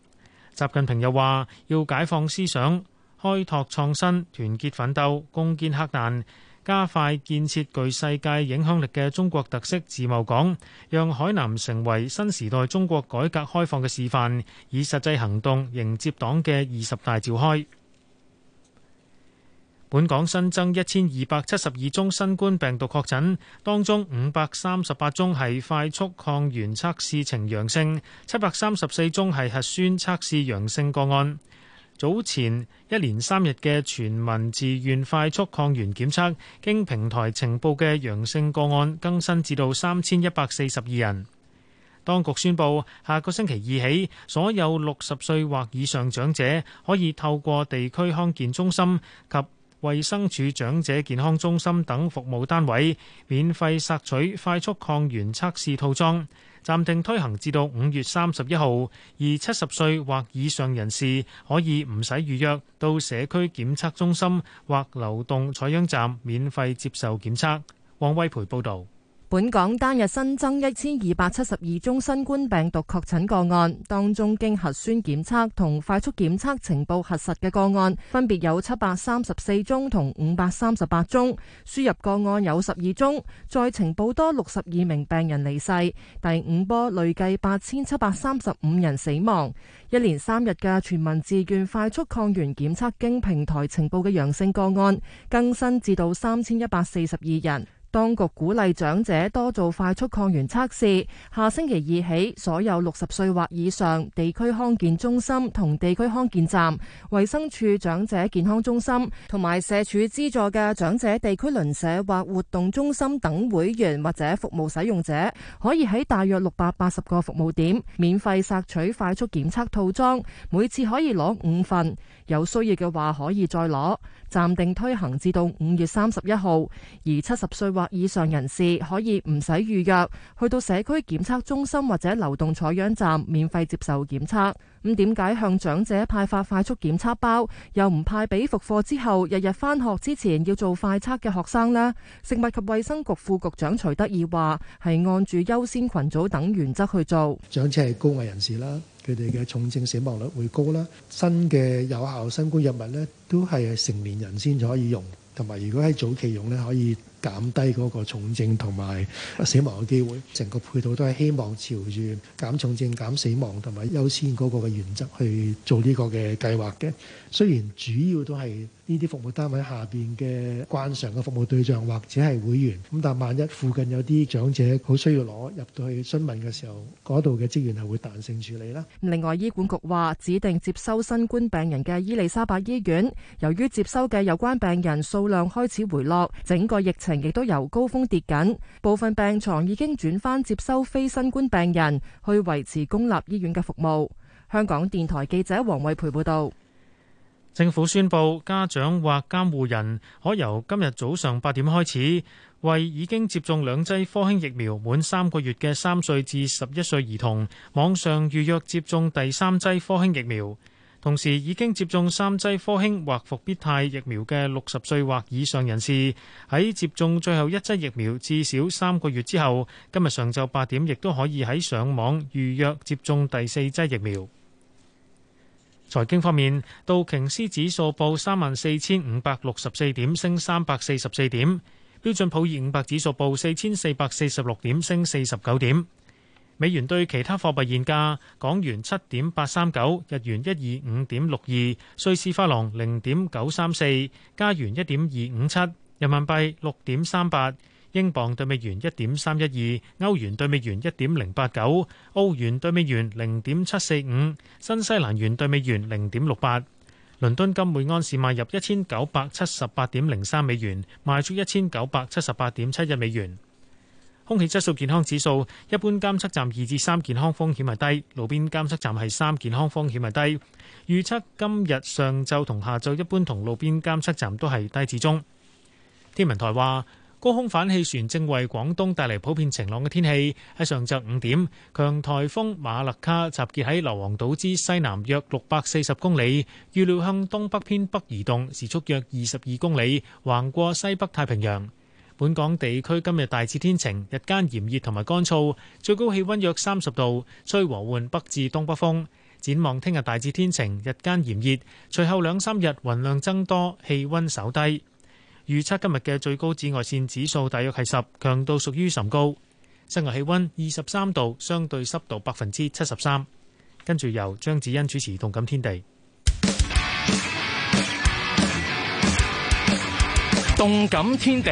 習近平又話要解放思想、開拓創新、團結奮鬥、攻堅克難，加快建設具世界影響力嘅中國特色自貿港，讓海南成為新時代中國改革開放嘅示範，以實際行動迎接黨嘅二十大召開。本港新增一千二百七十二宗新冠病毒確診，當中五百三十八宗係快速抗原測試呈陽性，七百三十四宗係核酸測試陽性個案。早前一連三日嘅全民自願快速抗原檢測，經平台呈報嘅陽性個案更新至到三千一百四十二人。當局宣佈，下個星期二起，所有六十歲或以上長者可以透過地區康健中心及衛生署長者健康中心等服務單位免費索取快速抗原測試套裝，暫定推行至到五月三十一號。而七十歲或以上人士可以唔使預約到社區檢測中心或流動採樣站免費接受檢測。王威培報導。本港單日新增一千二百七十二宗新冠病毒確診個案，當中經核酸檢測同快速檢測呈報核實嘅個案分別有七百三十四宗同五百三十八宗，輸入個案有十二宗，再呈報多六十二名病人離世。第五波累計八千七百三十五人死亡。一連三日嘅全民自願快速抗原檢測經平台呈報嘅陽性個案更新至到三千一百四十二人。當局鼓勵長者多做快速抗原測試，下星期二起，所有六十歲或以上地區康健中心、同地區康健站、衛生署長者健康中心、同埋社署資助嘅長者地區鄰舍或活動中心等會員或者服務使用者，可以喺大約六百八十個服務點免費索取快速檢測套裝，每次可以攞五份。有需要嘅話可以再攞，暫定推行至到五月三十一號。而七十歲或以上人士可以唔使預約，去到社區檢測中心或者流動採樣站免費接受檢測。咁點解向長者派發快速檢測包，又唔派俾復課之後日日返學之前要做快測嘅學生呢？食物及衛生局副局長徐德義話：係按住優先群組等原則去做，長者係高危人士啦。佢哋嘅重症死亡率會高啦，新嘅有效新冠藥物咧，都係成年人先至可以用，同埋如果喺早期用咧，可以。減低嗰個重症同埋死亡嘅機會，成個配套都係希望朝住減重症、減死亡同埋優先嗰個嘅原則去做呢個嘅計劃嘅。雖然主要都係呢啲服務單位下邊嘅慣常嘅服務對象或者係會員，咁但係萬一附近有啲長者好需要攞入到去詢問嘅時候，嗰度嘅職員係會彈性處理啦。另外，醫管局話指定接收新冠病人嘅伊利沙伯醫院，由於接收嘅有關病人數量開始回落，整個疫情亦都由高峰跌緊，部分病床已經轉翻接收非新冠病人，去維持公立醫院嘅服務。香港電台記者黃慧培報道，政府宣布家長或監護人可由今日早上八點開始，為已經接種兩劑科興疫苗滿三個月嘅三歲至十一歲兒童網上預約接種第三劑科興疫苗。同時已經接種三劑科興或復必泰疫苗嘅六十歲或以上人士，喺接種最後一劑疫苗至少三個月之後，今日上晝八點亦都可以喺上網預約接種第四劑疫苗。財經方面，道瓊斯指數報三萬四千五百六十四點，升三百四十四點；標準普爾五百指數報四千四百四十六點，升四十九點。美元兌其他貨幣現價：港元七點八三九，日元一二五點六二，瑞士法郎零點九三四，加元一點二五七，人民幣六點三八，英鎊對美元一點三一二，歐元對美元一點零八九，澳元對美元零點七四五，新西蘭元對美元零點六八。倫敦金每安士賣入一千九百七十八點零三美元，賣出一千九百七十八點七一美元。空氣質素健康指數，一般監測站二至三，健康風險係低，路邊監測站係三，健康風險係低。預測今日上晝同下晝一般同路邊監測站都係低至中。天文台話，高空反氣旋正為廣東帶嚟普遍晴朗嘅天氣。喺上晝五點，強颱風馬勒卡集結喺硫磺島之西南約六百四十公里，預料向東北偏北移動，時速約二十二公里，橫過西北太平洋。本港地區今日大致天晴，日間炎熱同埋乾燥，最高氣溫約三十度，吹和緩北至東北風。展望聽日大致天晴，日間炎熱，隨後兩三日雲量增多，氣溫稍低。預測今日嘅最高紫外線指數大約係十，強度屬於甚高。室外氣溫二十三度，相對濕度百分之七十三。跟住由張子欣主持《動感天地》，《動感天地》。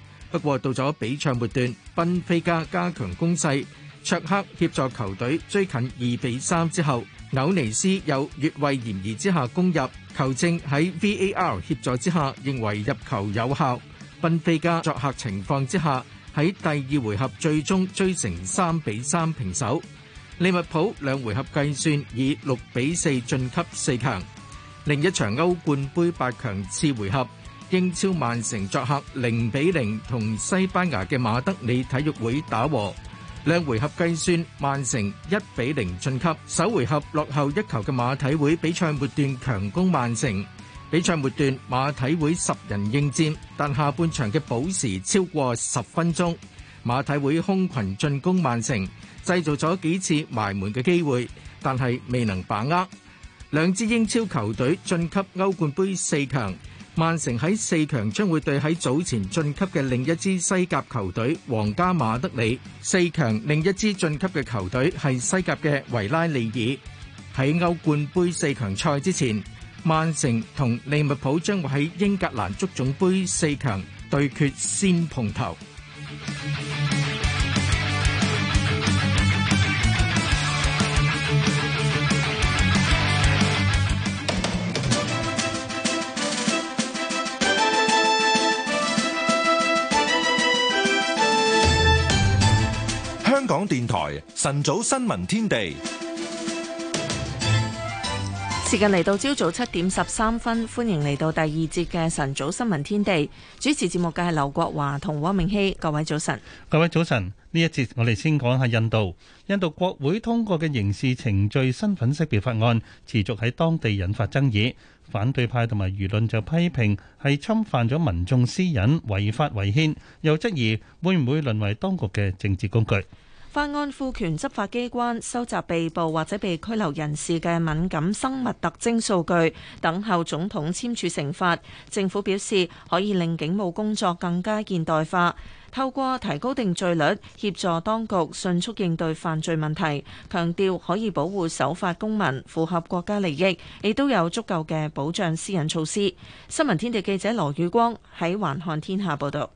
不過到咗比賽末段，賓菲加加強攻勢，卓克協助球隊追近二比三之後，紐尼斯有越位嫌疑之下攻入，球證喺 VAR 協助之下認為入球有效。賓菲加作客情況之下，喺第二回合最終追成三比三平手。利物浦兩回合計算以六比四晉級四強，另一場歐冠杯八強次回合。英超曼城作客零比零同西班牙嘅馬德里體育會打和，兩回合計算曼城一比零晉級。首回合落後一球嘅馬體會比賽末段強攻曼城，比賽末段馬體會十人應戰，但下半場嘅補時超過十分鐘，馬體會空群進攻曼城，製造咗幾次埋門嘅機會，但係未能把握。兩支英超球隊晉級歐冠杯四強。曼城喺四強將會對喺早前晉級嘅另一支西甲球隊皇家馬德里，四強另一支晉級嘅球隊係西甲嘅維拉利爾。喺歐冠盃四強賽之前，曼城同利物浦將會喺英格蘭足總盃四強對決先碰頭。晨早新聞天地，時間嚟到朝早七點十三分，歡迎嚟到第二節嘅晨早新聞天地，主持節目嘅係劉國華同汪明熙。各位早晨，各位早晨。呢一節我哋先講下印度，印度國會通過嘅刑事程序身份識別法案，持續喺當地引發爭議。反對派同埋輿論就批評係侵犯咗民眾私隱、違法違憲，又質疑會唔會淪為當局嘅政治工具。法案賦權執法機關收集被捕或者被拘留人士嘅敏感生物特徵數據，等候總統簽署成法。政府表示可以令警務工作更加現代化，透過提高定罪率，協助當局迅速應對犯罪問題。強調可以保護守法公民，符合國家利益，亦都有足夠嘅保障私隱措施。新聞天地記者羅宇光喺環看天下報道。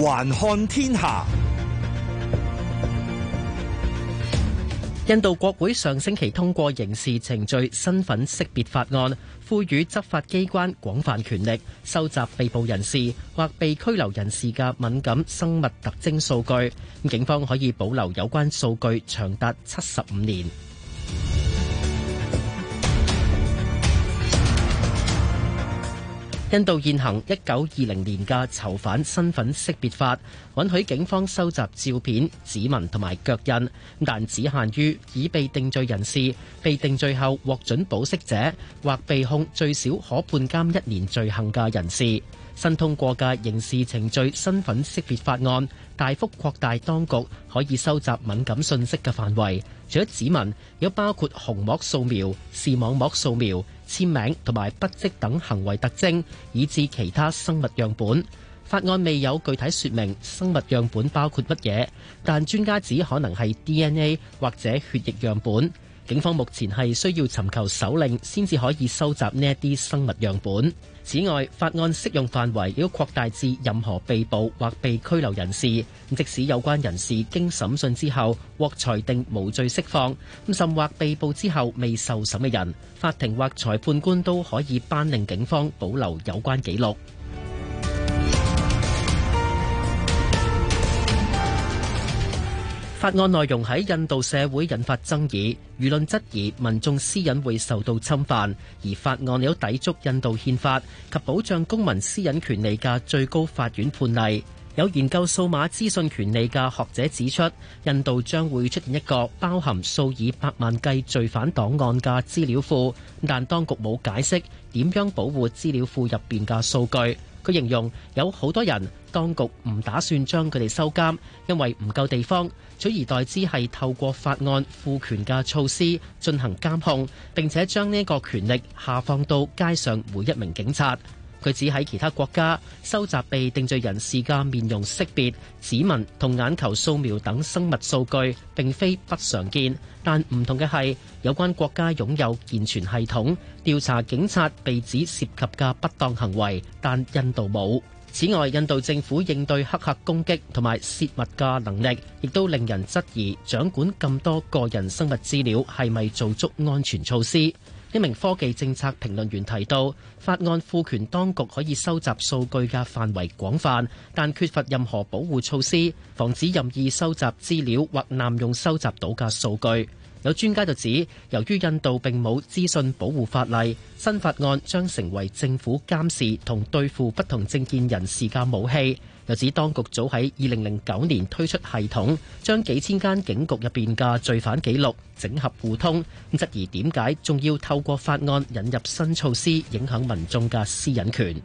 環看天下，印度國會上星期通過刑事程序身份識別法案，賦予執法機關廣泛權力，收集被捕人士或被拘留人士嘅敏感生物特徵數據。咁警方可以保留有關數據長達七十五年。印度現行一九二零年嘅囚犯身份識別法，允許警方收集照片、指紋同埋腳印，但只限於已被定罪人士、被定罪後獲准保釋者或被控最少可判監一年罪行嘅人士。新通過嘅刑事程序身份識別法案，大幅擴大當局可以收集敏感信息嘅範圍。除咗指紋，有包括虹膜掃描、視網膜掃描、簽名同埋筆跡等行為特徵，以至其他生物樣本。法案未有具體說明生物樣本包括乜嘢，但專家指可能係 DNA 或者血液樣本。警方目前係需要尋求手令先至可以收集呢一啲生物樣本。此外，法案適用範圍亦都擴大至任何被捕或被拘留人士，即使有關人士經審訊之後獲裁定無罪釋放，咁甚或被捕之後未受審嘅人，法庭或裁判官都可以頒令警方保留有關記錄。法案內容喺印度社會引發爭議，輿論質疑民眾私隱會受到侵犯，而法案有抵觸印度憲法及保障公民私隱權利嘅最高法院判例。有研究數碼資訊權利嘅學者指出，印度將會出現一個包含數以百萬計罪犯檔案嘅資料庫，但當局冇解釋點樣保護資料庫入邊嘅數據。佢形容有好多人，當局唔打算將佢哋收監，因為唔夠地方，取而代之係透過法案賦權嘅措施進行監控，並且將呢個權力下放到街上每一名警察。佢指喺其他國家收集被定罪人士嘅面容識別、指紋同眼球掃描等生物數據，並非不常見。但唔同嘅係，有關國家擁有健全系統調查警察被指涉及嘅不當行為，但印度冇。此外，印度政府應對黑客攻擊同埋洩密嘅能力，亦都令人質疑掌管咁多個人生物資料係咪做足安全措施。一名科技政策評論員提到，法案賦權當局可以收集數據嘅範圍廣泛，但缺乏任何保護措施，防止任意收集資料或濫用收集到嘅數據，有專家就指，由於印度並冇資訊保護法例，新法案將成為政府監視同對付不同政見人士嘅武器。又指當局早喺二零零九年推出系統，將幾千間警局入邊嘅罪犯記錄整合互通，咁質疑點解仲要透過法案引入新措施，影響民眾嘅私隱權。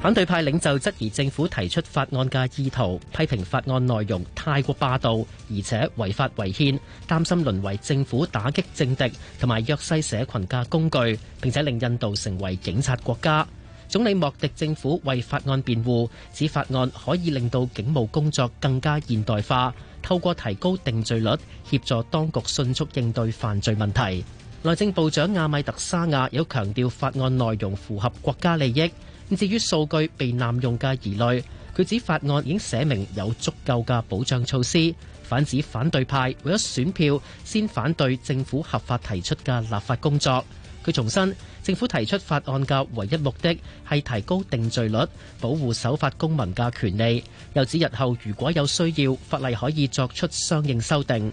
反對派領袖質疑政府提出法案嘅意圖，批評法案內容太過霸道，而且違法違憲，擔心淪為政府打擊政敵同埋弱勢社群嘅工具，並且令印度成為警察國家。總理莫迪政府為法案辯護，指法案可以令到警務工作更加現代化，透過提高定罪率，協助當局迅速應對犯罪問題。內政部長阿米特沙亞有強調，法案內容符合國家利益。至於數據被濫用嘅疑慮，佢指法案已經寫明有足夠嘅保障措施，反指反對派為咗選票先反對政府合法提出嘅立法工作。佢重申，政府提出法案嘅唯一目的係提高定罪率，保護守法公民嘅權利。又指日後如果有需要，法例可以作出相應修訂。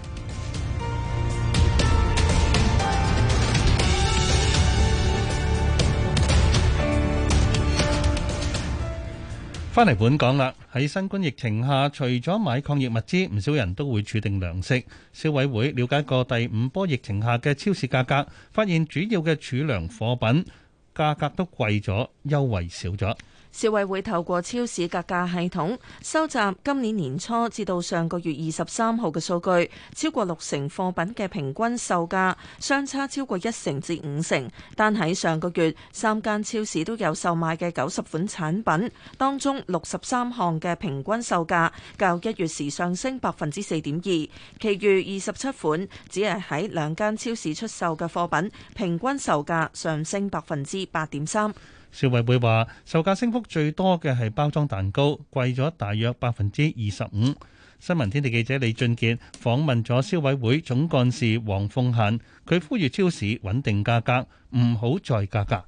翻嚟本港啦，喺新冠疫情下，除咗買抗疫物資，唔少人都會儲定糧食。消委會了解過第五波疫情下嘅超市價格，發現主要嘅儲糧貨品價格都貴咗，優惠少咗。消委會透過超市格價系統收集今年年初至到上個月二十三號嘅數據，超過六成貨品嘅平均售價相差超過一成至五成。但喺上個月，三間超市都有售賣嘅九十款產品，當中六十三項嘅平均售價較一月時上升百分之四點二，其餘二十七款只係喺兩間超市出售嘅貨品，平均售價上升百分之八點三。消委會話，售價升幅最多嘅係包裝蛋糕，貴咗大約百分之二十五。新聞天地記者李俊杰訪問咗消委會總幹事黃鳳嫻，佢呼籲超市穩定價格，唔好再加價。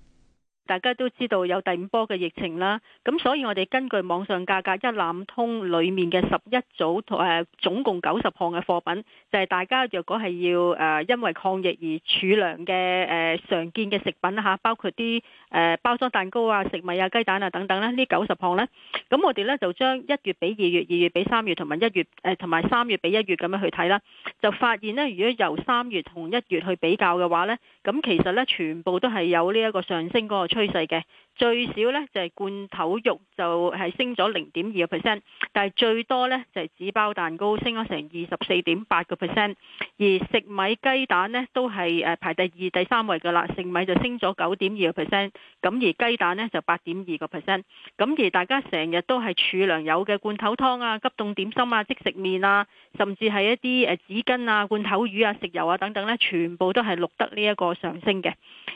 大家都知道有第五波嘅疫情啦，咁所以我哋根據網上價格一覽通裏面嘅十一組誒，總共九十項嘅貨品，就係大家若果係要誒，因為抗疫而儲糧嘅誒常見嘅食品吓，包括啲。誒包裝蛋糕啊、食物啊、雞蛋啊等等咧，呢九十項呢。咁我哋呢，就將一月比二月、二月比三月同埋一月誒同埋三月比一月咁樣去睇啦，就發現呢，如果由三月同一月去比較嘅話呢，咁其實呢，全部都係有呢一個上升嗰個趨勢嘅。最少呢，就係罐頭肉就係升咗零點二個 percent，但係最多呢，就係紙包蛋糕升咗成二十四點八個 percent，而食米雞蛋呢，都係誒排第二第三位㗎喇，食米就升咗九點二個 percent，咁而雞蛋呢，就八點二個 percent，咁而大家成日都係儲糧油嘅罐頭湯啊、急凍點心啊、即食麵啊，甚至係一啲誒紙巾啊、罐頭魚啊、食油啊等等呢，全部都係錄得呢一個上升嘅。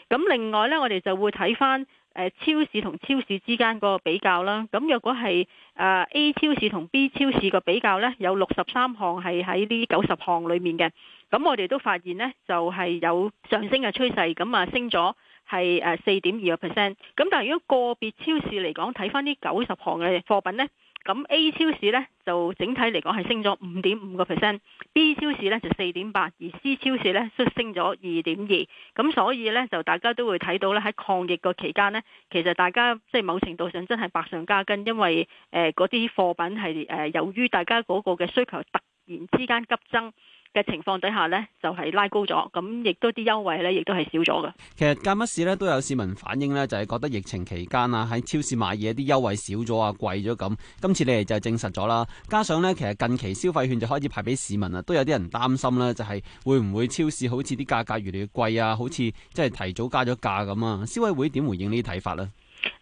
咁另外呢，我哋就會睇返。誒超市同超市之間個比較啦，咁若果係啊 A 超市同 B 超市個比較呢，有六十三項係喺呢九十項裡面嘅，咁我哋都發現呢，就係有上升嘅趨勢，咁啊升咗係誒四點二個 percent，咁但係如果個別超市嚟講睇翻呢九十項嘅貨品呢。咁 A 超市呢就整體嚟講係升咗五點五個 percent，B 超市呢就四點八，而 C 超市呢都升咗二點二。咁所以呢，就大家都會睇到咧喺抗疫個期間呢，其實大家即係、就是、某程度上真係百上加斤，因為誒嗰啲貨品係誒、呃、由於大家嗰個嘅需求突然之間急增。嘅情況底下呢，就係拉高咗，咁亦都啲優惠呢，亦都係少咗嘅。其實間乜事呢？都有市民反映呢，就係覺得疫情期間啊，喺超市買嘢啲優惠少咗啊，貴咗咁。今次你哋就證實咗啦。加上呢，其實近期消費券就開始派俾市民啊，都有啲人擔心啦，就係會唔會超市好似啲價格越嚟越貴啊，好似即係提早加咗價咁啊？消委會點回應呢啲睇法呢？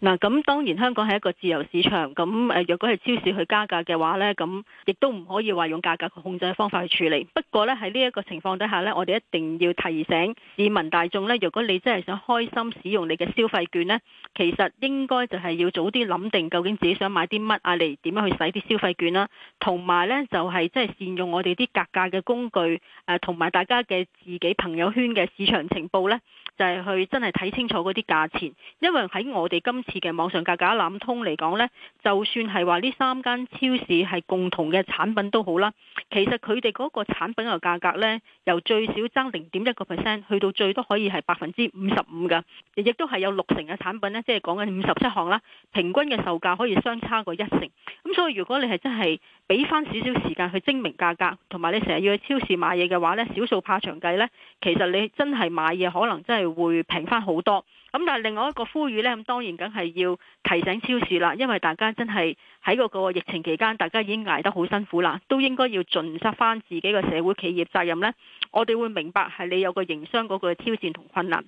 嗱，咁當然香港係一個自由市場，咁誒若果係超市去加價嘅話呢，咁亦都唔可以話用價格控制嘅方法去處理。不過呢，喺呢一個情況底下呢，我哋一定要提醒市民大眾呢，如果你真係想開心使用你嘅消費券呢，其實應該就係要早啲諗定究竟自己想買啲乜啊，嚟點樣去使啲消費券啦、啊。同埋呢，就係真係善用我哋啲格價嘅工具，誒同埋大家嘅自己朋友圈嘅市場情報呢，就係、係、去真係睇清楚嗰啲價錢，因為喺我哋今今次嘅網上價格一覽通嚟講呢，就算係話呢三間超市係共同嘅產品都好啦，其實佢哋嗰個產品嘅價格呢，由最少增零點一個 percent 去到最多可以係百分之五十五㗎，亦都係有六成嘅產品呢，即係講緊五十七項啦，平均嘅售價可以相差過一成。咁所以如果你係真係俾翻少少時間去精明價格，同埋你成日要去超市買嘢嘅話呢，少數怕長計呢，其實你真係買嘢可能真係會平翻好多。咁但係另外一個呼籲呢，咁當然梗係要提醒超市啦，因為大家真係喺嗰個疫情期間，大家已經捱得好辛苦啦，都應該要盡失翻自己嘅社會企業責任呢，我哋會明白係你有個營商嗰個挑戰同困難。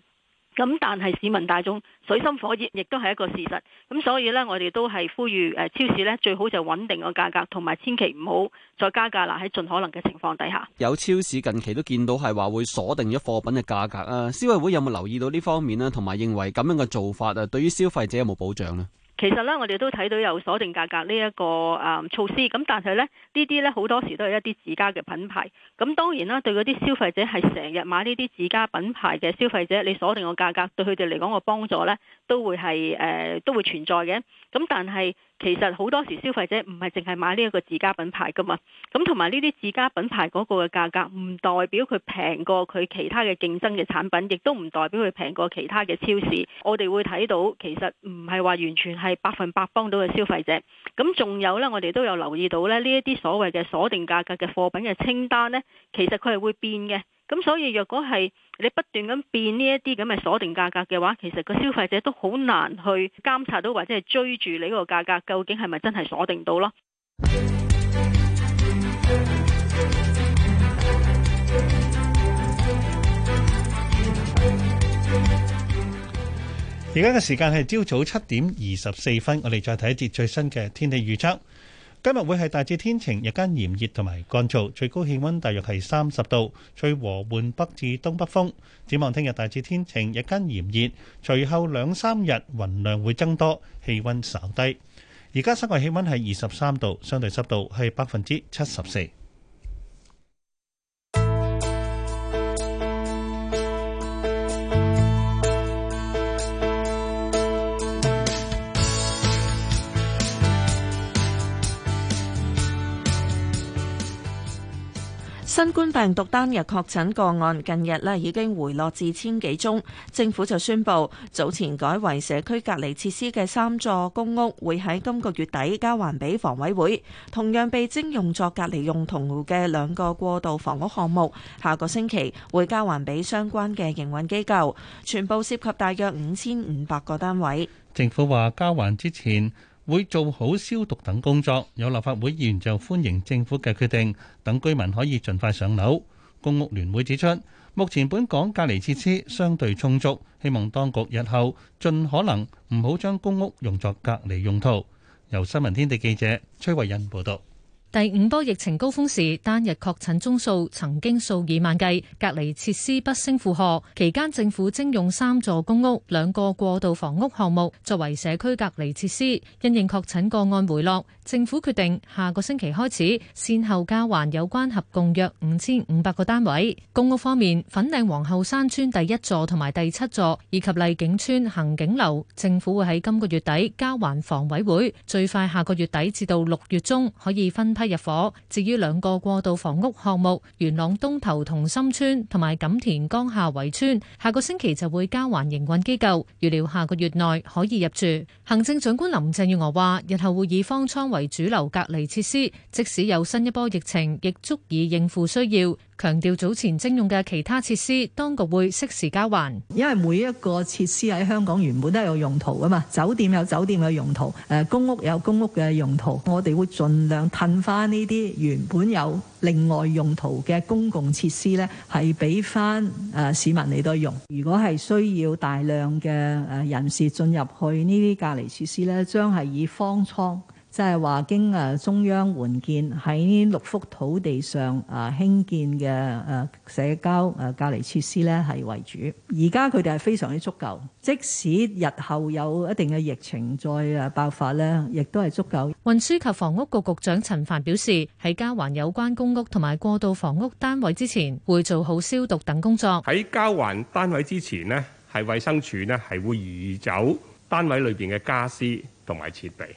咁但係市民大眾水深火熱，亦都係一個事實。咁所以呢，我哋都係呼籲誒，超市呢最好就穩定個價格，同埋千祈唔好再加價啦。喺盡可能嘅情況底下，有超市近期都見到係話會鎖定咗貨品嘅價格啊。消委會有冇留意到呢方面呢？同埋認為咁樣嘅做法啊，對於消費者有冇保障呢？其實咧，我哋都睇到有鎖定價格呢、這、一個誒、嗯、措施，咁但係咧，呢啲咧好多時都係一啲自家嘅品牌，咁當然啦，對嗰啲消費者係成日買呢啲自家品牌嘅消費者，你鎖定個價格對佢哋嚟講個幫助咧，都會係誒、呃、都會存在嘅，咁但係。其實好多時消費者唔係淨係買呢一個自家品牌㗎嘛，咁同埋呢啲自家品牌嗰個嘅價格唔代表佢平過佢其他嘅競爭嘅產品，亦都唔代表佢平過其他嘅超市。我哋會睇到其實唔係話完全係百分百幫到嘅消費者。咁仲有呢，我哋都有留意到呢，呢一啲所謂嘅鎖定價格嘅貨品嘅清單呢，其實佢係會變嘅。咁所以若果係你不斷咁變呢一啲咁嘅鎖定價格嘅話，其實個消費者都好難去監察到或者係追住你個價格究竟係咪真係鎖定到咯？而家嘅時間係朝早七點二十四分，我哋再睇一節最新嘅天氣預測。今日會係大致天晴，日間炎熱同埋乾燥，最高氣溫大約係三十度，吹和緩北至東北風。展望聽日大致天晴，日間炎熱，隨後兩三日雲量會增多，氣溫稍低。而家室外氣溫係二十三度，相對濕度係百分之七十四。新冠病毒單日確診個案近日呢已經回落至千幾宗，政府就宣布早前改為社區隔離設施嘅三座公屋會喺今個月底交還俾房委會，同樣被徵用作隔離用途嘅兩個過渡房屋項目，下個星期會交還俾相關嘅營運機構，全部涉及大約五千五百個單位。政府話交還之前。會做好消毒等工作。有立法會議員就歡迎政府嘅決定，等居民可以盡快上樓。公屋聯會指出，目前本港隔離設施相對充足，希望當局日後盡可能唔好將公屋用作隔離用途。由新聞天地記者崔慧欣報道。第五波疫情高峰時單日確診宗數曾經數以萬計，隔離設施不勝負荷。期間政府徵用三座公屋、兩個過渡房屋項目作為社區隔離設施。因應確診個案回落，政府決定下個星期開始，先後交還有關合共約五千五百個單位。公屋方面，粉嶺皇后山邨第一座同埋第七座，以及麗景邨、恆景樓，政府會喺今個月底交還房委會，最快下個月底至到六月中可以分批。入伙。至於兩個過渡房屋項目，元朗東頭同心村，同埋錦田江夏圍村，下個星期就會交還營運機構。預料下個月內可以入住。行政長官林鄭月娥話，日後會以方艙為主流隔離設施，即使有新一波疫情，亦足以應付需要。強調早前徵用嘅其他設施，當局會適時交還。因為每一個設施喺香港原本都有用途噶嘛，酒店有酒店嘅用途，誒公屋有公屋嘅用途。我哋會盡量褪翻呢啲原本有另外用途嘅公共設施咧，係俾翻誒市民嚟到用。如果係需要大量嘅誒人士進入去呢啲隔離設施咧，將係以方艙。即係話，經誒中央援建喺呢六幅土地上啊興建嘅誒社交誒隔離設施咧，係為主。而家佢哋係非常之足夠，即使日後有一定嘅疫情再誒爆發咧，亦都係足夠。運輸及房屋局局長陳帆表示，喺交還有關公屋同埋過渡房屋單位之前，會做好消毒等工作。喺交還單位之前呢，係衛生署呢係會移走單位裏邊嘅家私同埋設備。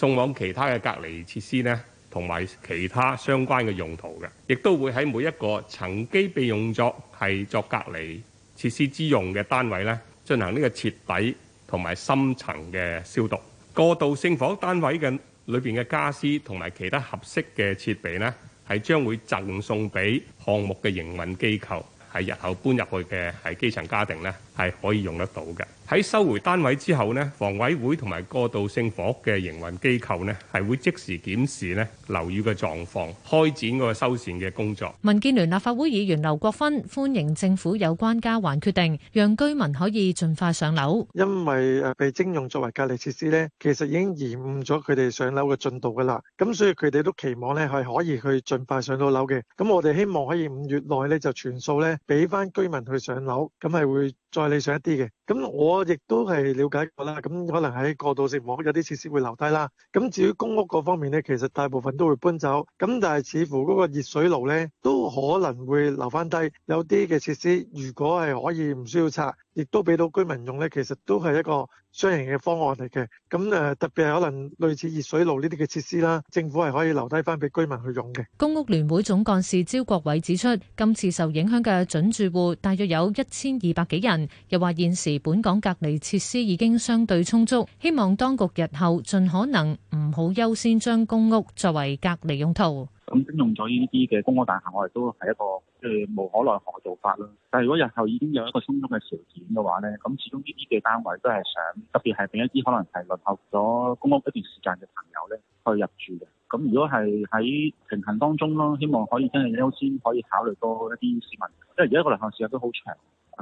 送往其他嘅隔離設施呢，同埋其他相關嘅用途嘅，亦都會喺每一個曾經被用作係作隔離設施之用嘅單位呢，進行呢個徹底同埋深層嘅消毒。過渡性房屋單位嘅裏邊嘅家私同埋其他合適嘅設備呢，係將會贈送俾項目嘅營運機構，係日後搬入去嘅係基層家庭呢。係可以用得到嘅。喺收回單位之後咧，房委會同埋過渡性房屋嘅營運機構咧，係會即時檢視咧樓宇嘅狀況，開展嗰個修繕嘅工作。民建聯立法會議員劉國勳歡迎政府有關交還決定，讓居民可以盡快上樓。因為誒被徵用作為隔離設施咧，其實已經延誤咗佢哋上樓嘅進度㗎喇。咁所以佢哋都期望咧係可以去盡快上到樓嘅。咁我哋希望可以五月內咧就全數咧俾返居民去上樓，咁係會。再理想一啲嘅。咁我亦都係瞭解過啦，咁可能喺過渡性房屋有啲設施會留低啦。咁至於公屋嗰方面呢，其實大部分都會搬走。咁但係似乎嗰個熱水爐呢，都可能會留翻低。有啲嘅設施，如果係可以唔需要拆，亦都俾到居民用呢，其實都係一個雙贏嘅方案嚟嘅。咁誒，特別係可能類似熱水爐呢啲嘅設施啦，政府係可以留低翻俾居民去用嘅。公屋聯會總幹事招國偉指出，今次受影響嘅準住戶大約有一千二百幾人，又話現時本港隔離設施已經相對充足，希望當局日後盡可能唔好優先將公屋作為隔離用途。咁徵用咗呢啲嘅公屋大廈，我哋都係一個即係無可奈何嘅做法咯。但係如果日後已經有一個充足嘅條件嘅話咧，咁始終呢啲嘅單位都係想，特別係畀一啲可能係輪候咗公屋一段時間嘅朋友咧去入住嘅。咁如果係喺平衡當中咯，希望可以真係優先可以考慮多一啲市民，因為而家個輪候時間都好長。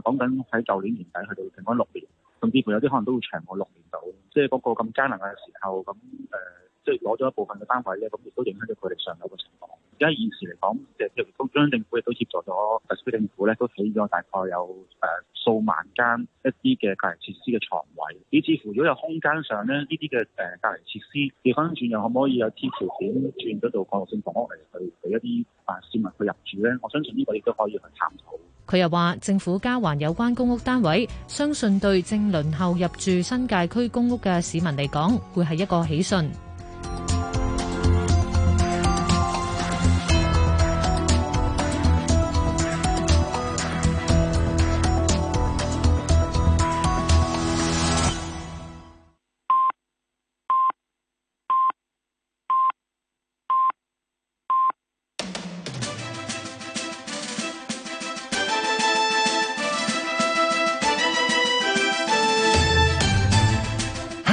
講緊喺舊年年底去到平均六年，甚至乎有啲可能都會長過六年度。即係嗰個咁艱難嘅時候，咁誒、呃，即係攞咗一部分嘅單位咧，咁亦都影響咗佢哋上樓嘅情況。而家現時嚟講，即係中央政府亦都協助咗特區政府咧，都起咗大概有誒、呃、數萬間一啲嘅隔離設施嘅床位，以至乎如果有空間上咧，呢啲嘅誒隔離設施調翻轉，又可唔可以有啲條件轉到過渡性房屋嚟去俾一啲啊市民去入住咧？我相信呢個亦都可以去探討。佢又話：政府交還有關公屋單位，相信對正輪候入住新界區公屋嘅市民嚟講，會係一個喜訊。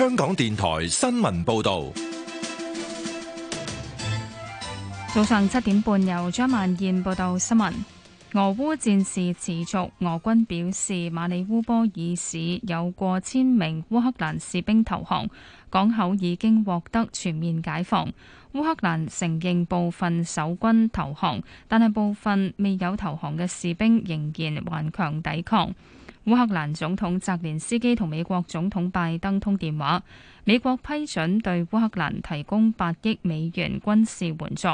香港電台新聞報道，早上七點半由張萬燕報道新聞。俄烏戰事持續，俄軍表示馬里烏波爾市有過千名烏克蘭士兵投降，港口已經獲得全面解放。烏克蘭承認部分守軍投降，但係部分未有投降嘅士兵仍然頑強抵抗。烏克蘭總統澤連斯基同美國總統拜登通電話，美國批准對烏克蘭提供八億美元軍事援助。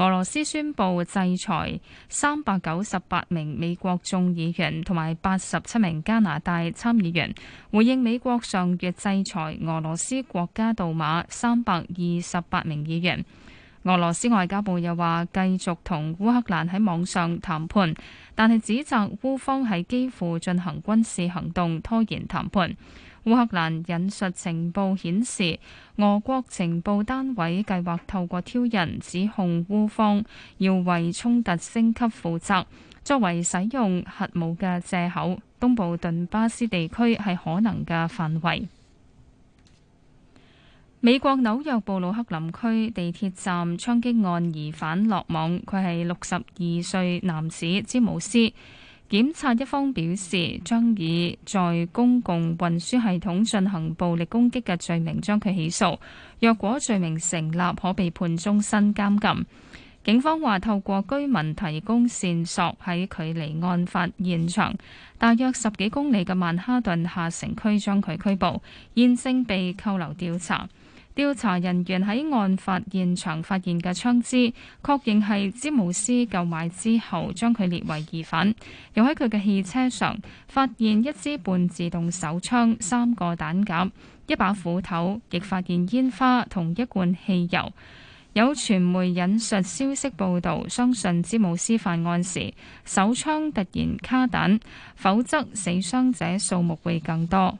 俄羅斯宣布制裁三百九十八名美國眾議員同埋八十七名加拿大參議員，回應美國上月制裁俄羅斯國家杜馬三百二十八名議員。俄羅斯外交部又話繼續同烏克蘭喺網上談判，但係指責烏方係幾乎進行軍事行動，拖延談判。烏克蘭引述情報顯示，俄國情報單位計劃透過挑釁指控烏方要為衝突升級負責，作為使用核武嘅藉口。東部頓巴斯地區係可能嘅範圍。美國紐約布魯克林區地鐵站槍擊案疑犯落網，佢係六十二歲男子詹姆斯。檢察一方表示，將以在公共運輸系統進行暴力攻擊嘅罪名將佢起訴。若果罪名成立，可被判終身監禁。警方話，透過居民提供線索，喺距離案發現場大約十幾公里嘅曼哈頓下城區將佢拘捕，現正被扣留調查。調查人員喺案發現場發現嘅槍支，確認係詹姆斯購買之後將佢列為疑犯。又喺佢嘅汽車上發現一支半自動手槍、三個彈夾、一把斧頭，亦發現煙花同一罐汽油。有傳媒引述消息報道，相信詹姆斯犯案時手槍突然卡彈，否則死傷者數目會更多。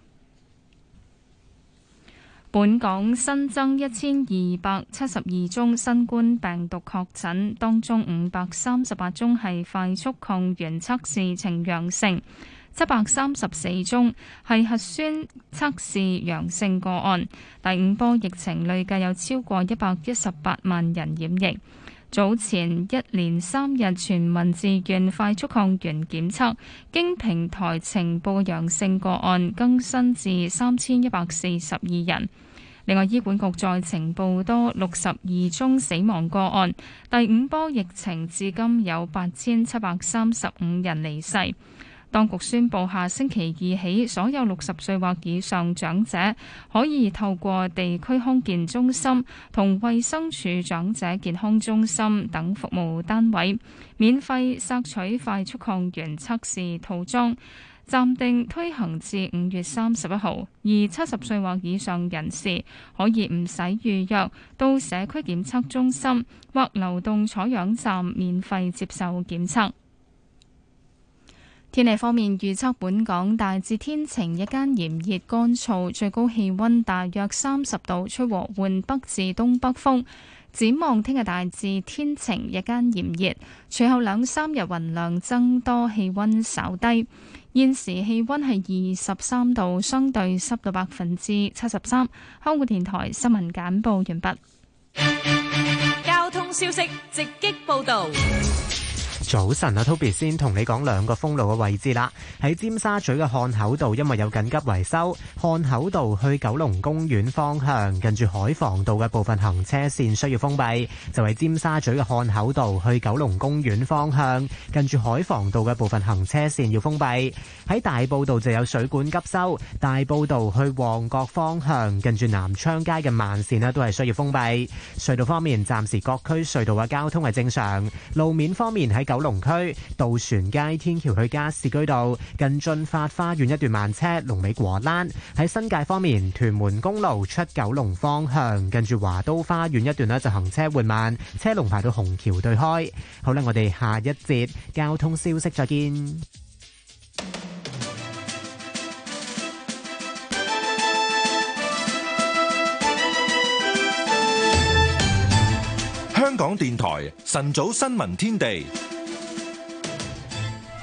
本港新增一千二百七十二宗新冠病毒確診，當中五百三十八宗係快速抗原測試呈陽性，七百三十四宗係核酸測試陽性個案。第五波疫情累計有超過一百一十八萬人染疫。早前一連三日全民自願快速抗原檢測，經平台呈報陽性個案更新至三千一百四十二人。另外，醫管局再呈報多六十二宗死亡個案，第五波疫情至今有八千七百三十五人離世。當局宣布下星期二起，所有六十歲或以上長者可以透過地區康健中心同衛生署長者健康中心等服務單位，免費索取快速抗原測試套裝。暫定推行至五月三十一號，而七十歲或以上人士可以唔使預約，到社區檢測中心或流動採樣站免費接受檢測。天氣方面預測，本港大致天晴，日間炎熱乾燥，最高氣温大約三十度，吹和緩北至東北風。展望聽日大致天晴，日間炎熱，隨後兩三日雲量增多，氣温稍低。現時氣溫係二十三度，相對濕度百分之七十三。香港電台新聞簡報完畢。交通消息直擊報道。早晨啊，Toby 先同你講兩個封路嘅位置啦。喺尖沙咀嘅漢口道，因為有緊急維修，漢口道去九龍公園方向，近住海防道嘅部分行車線需要封閉。就係尖沙咀嘅漢口道去九龍公園方向，近住海防道嘅部分行車線要封閉。喺大埔道就有水管急修，大埔道去旺角方向，近住南昌街嘅慢綫咧都係需要封閉。隧道方面，暫時各區隧道嘅交通係正常。路面方面喺九。九龍區渡船街天橋去加士居道，近駿發花園一段慢車龍尾過果欄。喺新界方面，屯門公路出九龍方向，近住華都花園一段呢，就行車緩慢，車龍排到紅橋對開。好喇，我哋下一節交通消息再見。香港電台晨早新聞天地。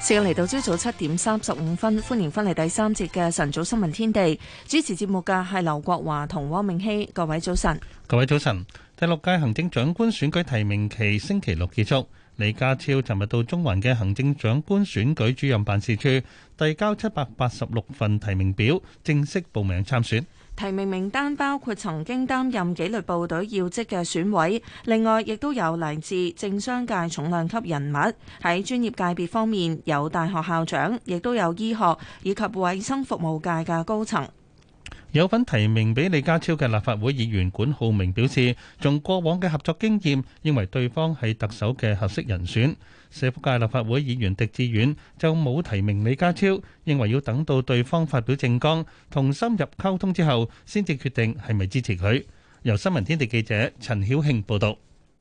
時間嚟到朝早七點三十五分，歡迎翻嚟第三節嘅晨早新聞天地。主持節目嘅係劉國華同汪明熙。各位早晨，各位早晨。第六屆行政長官選舉提名期星期六結束，李家超尋日到中環嘅行政長官選舉主任辦事處遞交七百八十六份提名表，正式報名參選。提名名單包括曾經擔任紀律部隊要職嘅選委，另外亦都有來自政商界重量級人物。喺專業界別方面，有大學校長，亦都有醫學以及衛生服務界嘅高層。有份提名俾李家超嘅立法會議員管浩明表示，從過往嘅合作經驗，認為對方係特首嘅合適人選。社福界立法會議員狄志遠就冇提名李家超，認為要等到對方發表政綱，同深入溝通之後，先至決定係咪支持佢。由新聞天地記者陳曉慶報道。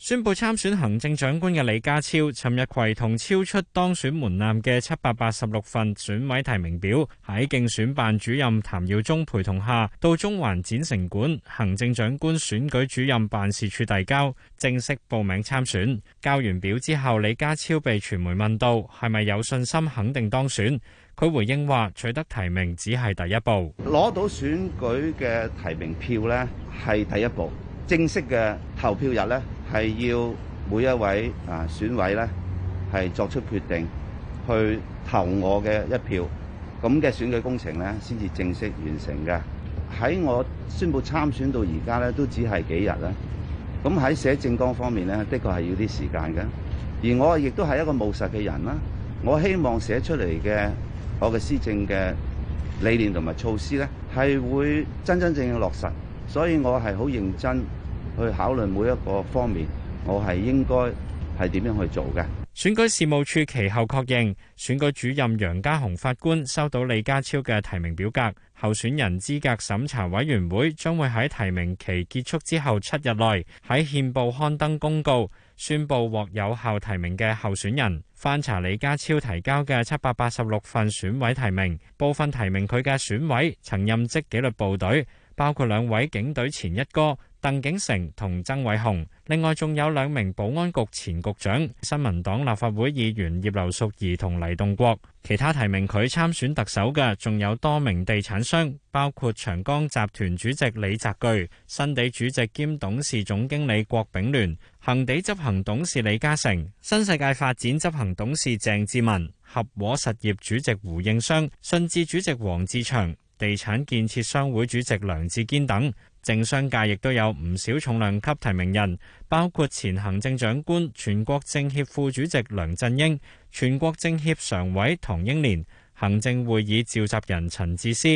宣布參選行政長官嘅李家超，尋日攜同超出當選門檻嘅七百八十六份選委提名表，喺競選辦主任譚耀宗陪同下，到中環展城館行政長官選舉主任辦事處遞交，正式報名參選。交完表之後，李家超被傳媒問到係咪有信心肯定當選，佢回應話取得提名只係第一步，攞到選舉嘅提名票呢，係第一步。正式嘅投票日咧，係要每一位啊選委咧，係作出決定，去投我嘅一票，咁嘅選舉工程咧先至正式完成嘅。喺我宣布參選到而家咧，都只係幾日啦。咁喺寫政綱方面咧，的確，係要啲時間嘅。而我亦都係一個務實嘅人啦。我希望寫出嚟嘅我嘅施政嘅理念同埋措施咧，係會真真正正落實。所以我係好認真去考慮每一個方面，我係應該，係點樣去做嘅。選舉事務處其後確認，選舉主任楊家雄法官收到李家超嘅提名表格，候選人資格審查委員會將會喺提名期結束之後七日內，喺憲報刊登公告，宣布獲有效提名嘅候選人。翻查李家超提交嘅七百八十六份選委提名，部分提名佢嘅選委曾任職紀律部隊。包括兩位警隊前一哥鄧景成同曾偉雄，另外仲有兩名保安局前局長、新民黨立法會議員葉劉淑儀同黎棟國。其他提名佢參選特首嘅，仲有多名地產商，包括長江集團主席李澤鉅、新地主席兼董事總經理郭炳聯、恒地執行董事李嘉誠、新世界發展執行董事鄭志文、合和實業主席胡應湘、信智主席黃志祥。地產建設商會主席梁志堅等政商界亦都有唔少重量級提名人，包括前行政長官、全國政協副主席梁振英、全國政協常委唐英年、行政會議召集人陳智思、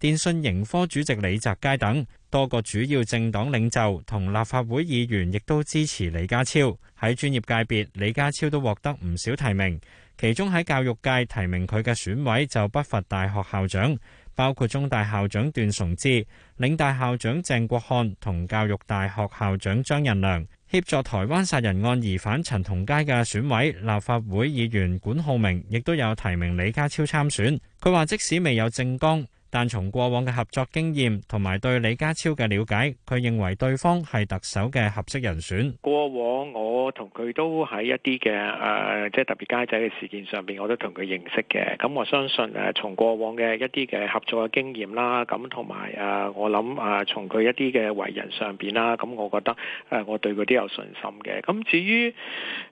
電信盈科主席李澤楷等多個主要政黨領袖同立法會議員，亦都支持李家超。喺專業界別，李家超都獲得唔少提名，其中喺教育界提名佢嘅選委就不乏大學校長。包括中大校長段崇智，嶺大校長鄭國漢同教育大學校長張仁良協助台灣殺人案疑犯陳同佳嘅選委，立法會議員管浩明亦都有提名李家超參選。佢話即使未有政綱，但從過往嘅合作經驗同埋對李家超嘅了解，佢認為對方係特首嘅合適人選。過往我同佢都喺一啲嘅，誒，即、呃、係、就是、特別街仔嘅事件上邊，我都同佢認識嘅。咁我相信誒，從過往嘅一啲嘅合作嘅經驗啦，咁同埋誒我諗啊，從佢一啲嘅為人上邊啦，咁我覺得誒，我對嗰啲有信心嘅。咁至於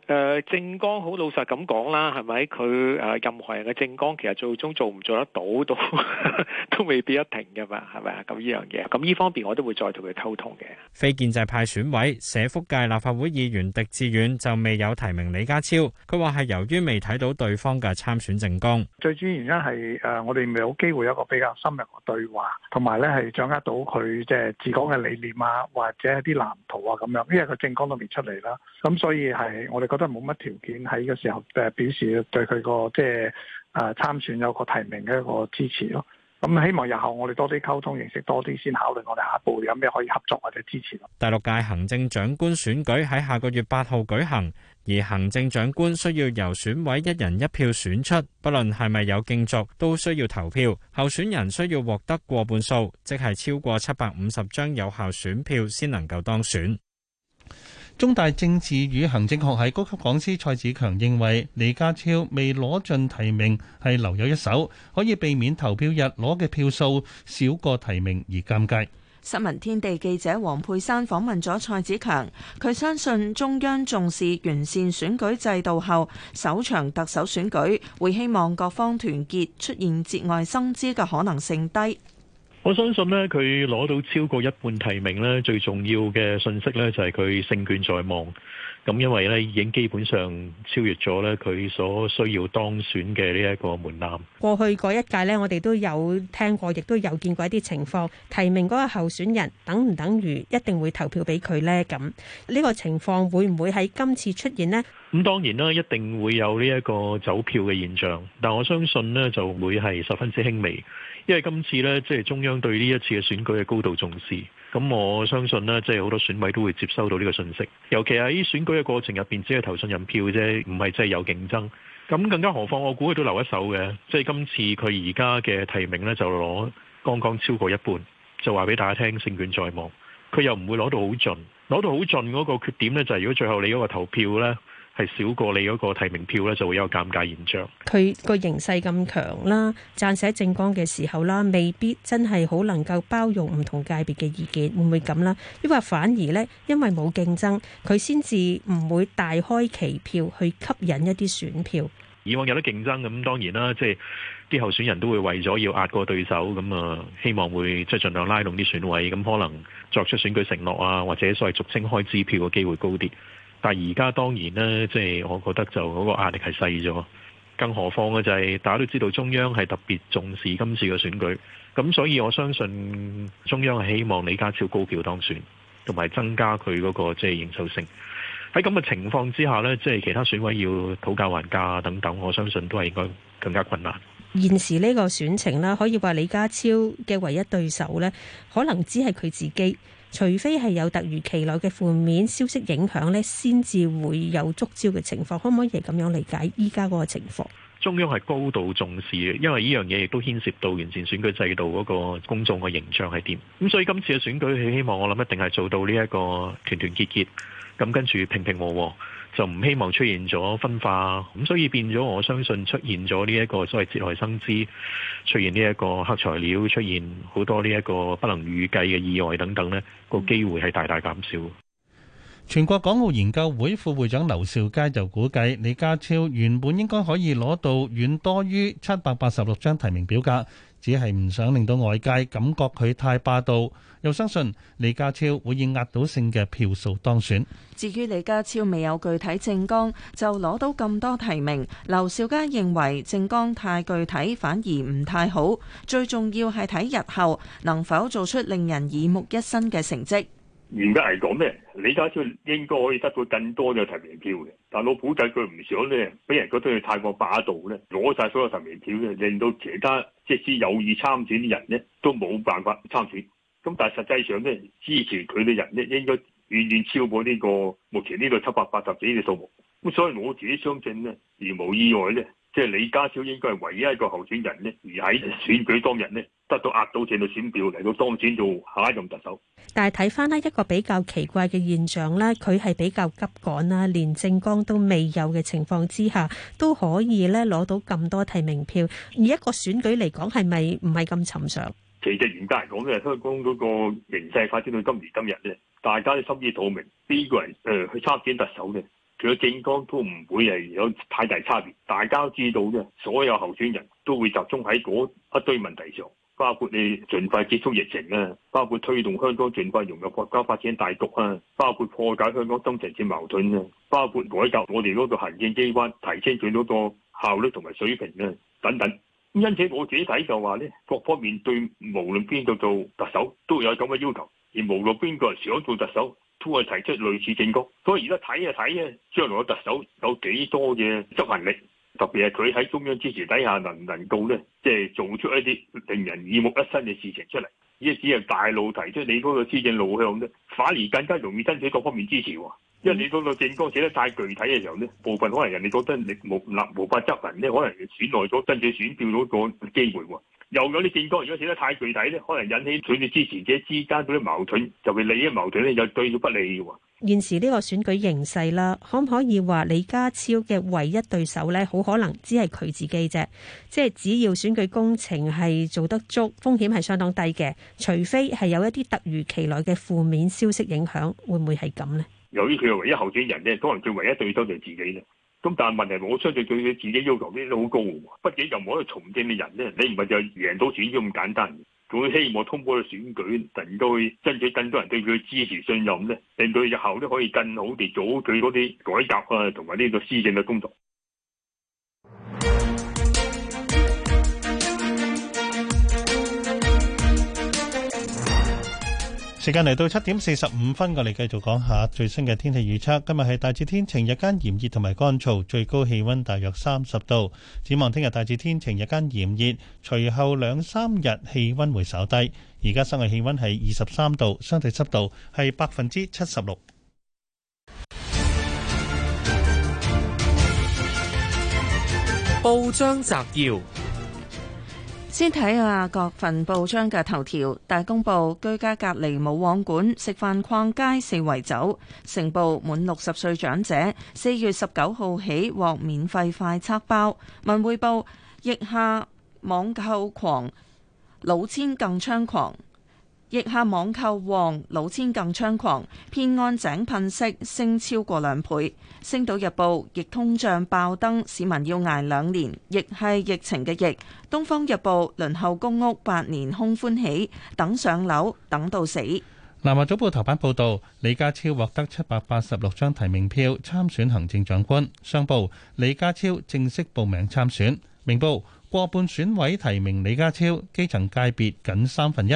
誒政綱好老實咁講啦，係咪？佢誒任何人嘅政綱，其實最終做唔做得到，都都未必一定嘅嘛，係咪？咁呢樣嘢，咁呢方面我都會再同佢溝通嘅。非建制派選委社福界立法會議員狄志遠就未有提名李家超，佢話係由於未睇到對方嘅參選政綱。最主要原因係誒，我哋未有機會一個比較深入嘅對話，同埋咧係掌握到佢即係治港嘅理念啊，或者啲藍圖啊咁樣，因為佢政綱都未出嚟啦。咁所以係我哋我覺得冇乜條件喺呢個時候誒表示對佢個即係誒參選有個提名嘅一個支持咯。咁希望日後我哋多啲溝通，認識多啲，先考慮我哋下一步有咩可以合作或者支持咯。第六屆行政長官選舉喺下個月八號舉行，而行政長官需要由選委一人一票選出，不論係咪有競逐，都需要投票。候選人需要獲得過半數，即係超過七百五十張有效選票，先能夠當選。中大政治與行政學系高級講師蔡子強認為，李家超未攞盡提名係留有一手，可以避免投票日攞嘅票數少過提名而尷尬。新聞天地記者黃佩珊訪問咗蔡子強，佢相信中央重視完善選舉制度後，首場特首選舉會希望各方團結，出現節外生枝嘅可能性低。我相信呢，佢攞到超過一半提名呢，最重要嘅信息呢，就係佢勝券在望。咁因為呢，已經基本上超越咗呢，佢所需要當選嘅呢一個門檻。過去嗰一屆呢，我哋都有聽過，亦都有見過一啲情況，提名嗰個候選人，等唔等於一定會投票俾佢呢？咁、這、呢個情況會唔會喺今次出現呢？咁當然啦，一定會有呢一個走票嘅現象，但我相信呢，就會係十分之輕微。因為今次呢，即係中央對呢一次嘅選舉嘅高度重視，咁我相信呢，即係好多選委都會接收到呢個信息。尤其喺選舉嘅過程入邊，只係投信任票啫，唔係真係有競爭。咁更加何況，我估佢都留一手嘅。即係今次佢而家嘅提名呢，就攞剛剛超過一半，就話俾大家聽勝券在望。佢又唔會攞到好盡，攞到好盡嗰個缺點呢，就係、是、如果最後你嗰個投票呢，係少過你嗰個提名票咧，就會有個尷尬現象。佢個形勢咁強啦，撰寫政綱嘅時候啦，未必真係好能夠包容唔同界別嘅意見，會唔會咁啦？因為反而呢，因為冇競爭，佢先至唔會大開旗票去吸引一啲選票。以往有得競爭咁，當然啦，即係啲候選人都會為咗要壓過對手，咁啊，希望會即係盡量拉動啲選委，咁可能作出選舉承諾啊，或者所謂俗稱開支票嘅機會高啲。但而家當然咧，即係我覺得就嗰個壓力係細咗，更何況咧就係大家都知道中央係特別重視今次嘅選舉，咁所以我相信中央係希望李家超高票當選，同埋增加佢嗰個即係認受性。喺咁嘅情況之下咧，即係其他選委要討價還價等等，我相信都係應該更加困難。現時呢個選情啦，可以話李家超嘅唯一對手咧，可能只係佢自己。除非係有突如其來嘅負面消息影響咧，先至會有觸礁嘅情況，可唔可以係咁樣理解依家個情況？中央係高度重視嘅，因為呢樣嘢亦都牽涉到完善選舉制度嗰個公眾嘅形象係點。咁所以今次嘅選舉，希望我諗一定係做到呢一個團團結結，咁跟住平平和和。就唔希望出現咗分化，咁所以變咗我相信出現咗呢一個所謂節外生枝，出現呢一個黑材料，出現好多呢一個不能預計嘅意外等等，呢個機會係大大減少。全國港澳研究會副會長劉兆佳就估計，李家超原本應該可以攞到遠多於七百八十六張提名表格。只係唔想令到外界感覺佢太霸道，又相信李家超會以壓倒性嘅票數當選。至於李家超未有具體政綱就攞到咁多提名，劉少佳認為政綱太具體反而唔太好，最重要係睇日後能否做出令人耳目一新嘅成績。嚴格嚟講咧，李家超應該可以得到更多嘅提名票嘅，但我估計佢唔想咧，俾人覺得佢太過霸道咧，攞曬所有提名票咧，令到其他，即使有意參選啲人咧，都冇辦法參選。咁但係實際上咧，支持佢嘅人咧，應該遠遠超過呢、呢個目前呢個七百八,八十幾嘅數目。咁所以我自己相信咧，如無意外咧。即係李家超應該係唯一一個候選人咧，而喺選舉當日咧，得到壓倒性嘅選票嚟到當選做下一任特首。但係睇翻咧一個比較奇怪嘅現象呢，佢係比較急趕啦，連政綱都未有嘅情況之下，都可以咧攞到咁多提名票。而一個選舉嚟講係咪唔係咁尋常？其實原則嚟講咧，香港嗰個形勢發展到今時今日咧，大家都心知肚明呢個人誒去參選特首嘅。佢嘅政綱都唔會係有太大差別，大家都知道嘅。所有候選人都會集中喺嗰一堆問題上，包括你盡快結束疫情啊，包括推動香港盡快融入國家發展大局啊，包括破解香港深層次矛盾啊，包括改革我哋嗰個行政機關，提升佢嗰個效率同埋水平啊，等等。因此，我自己睇就話呢各方面對無論邊度做特首都有咁嘅要求，而無論邊個想做特首，都係提出類似政綱，所以而家睇一睇啊，將來個特首有幾多嘅執行力，特別係佢喺中央支持底下能唔能夠咧，即係做出一啲令人耳目一新嘅事情出嚟？而只係大路提出你嗰個施政路向啫，反而更加容易爭取各方面支持喎。因為你嗰個政綱寫得太具體嘅時候咧，部分可能人哋覺得你無立無法執行咧，可能損害咗爭取選票嗰個機會喎。 又有啲見多，如果寫得太具體呢，可能引起佢嘅支持者之間嗰啲矛盾，就會利益矛盾呢，又對佢不利嘅喎。現時呢個選舉形勢啦，可唔可以話李家超嘅唯一對手呢？好可能只係佢自己啫。即係只要選舉工程係做得足，風險係相當低嘅，除非係有一啲突如其來嘅負面消息影響，會唔會係咁呢？由於佢係唯一候選人咧，可能佢唯一對手就係自己啦。咁但係問題，我相信對佢自己要求呢都好高喎。畢竟任何一個從政嘅人咧，你唔係就贏到選舉咁簡單，佢希望通過選舉能夠去爭取更多人對佢嘅支持信任咧，令到日後都可以更好地做佢嗰啲改革啊，同埋呢個施政嘅工作。時間嚟到七點四十五分，我哋繼續講下最新嘅天氣預測。今日係大致天晴，日間炎熱同埋乾燥，最高氣溫大約三十度。展望聽日大致天晴，日間炎熱，隨後兩三日氣溫會稍低。而家室外氣溫係二十三度，相對濕度係百分之七十六。報章摘要。先睇下各份報章嘅頭條：大公報居家隔離冇網管，食飯逛街四圍走；成報滿六十歲長者四月十九號起獲免費快測包；文匯報疫下網購狂，老千更猖狂。疫下網購旺，老千更猖狂；騙案井噴式升超過兩倍。星島日報：疫通脹爆燈，市民要捱兩年。亦係疫情嘅疫。東方日報：輪候公屋八年，空歡喜，等上樓等到死。南華早報頭版報導，李家超獲得七百八十六張提名票參選行政長官。商報：李家超正式報名參選。明報：過半選委提名李家超，基層界別僅三分一。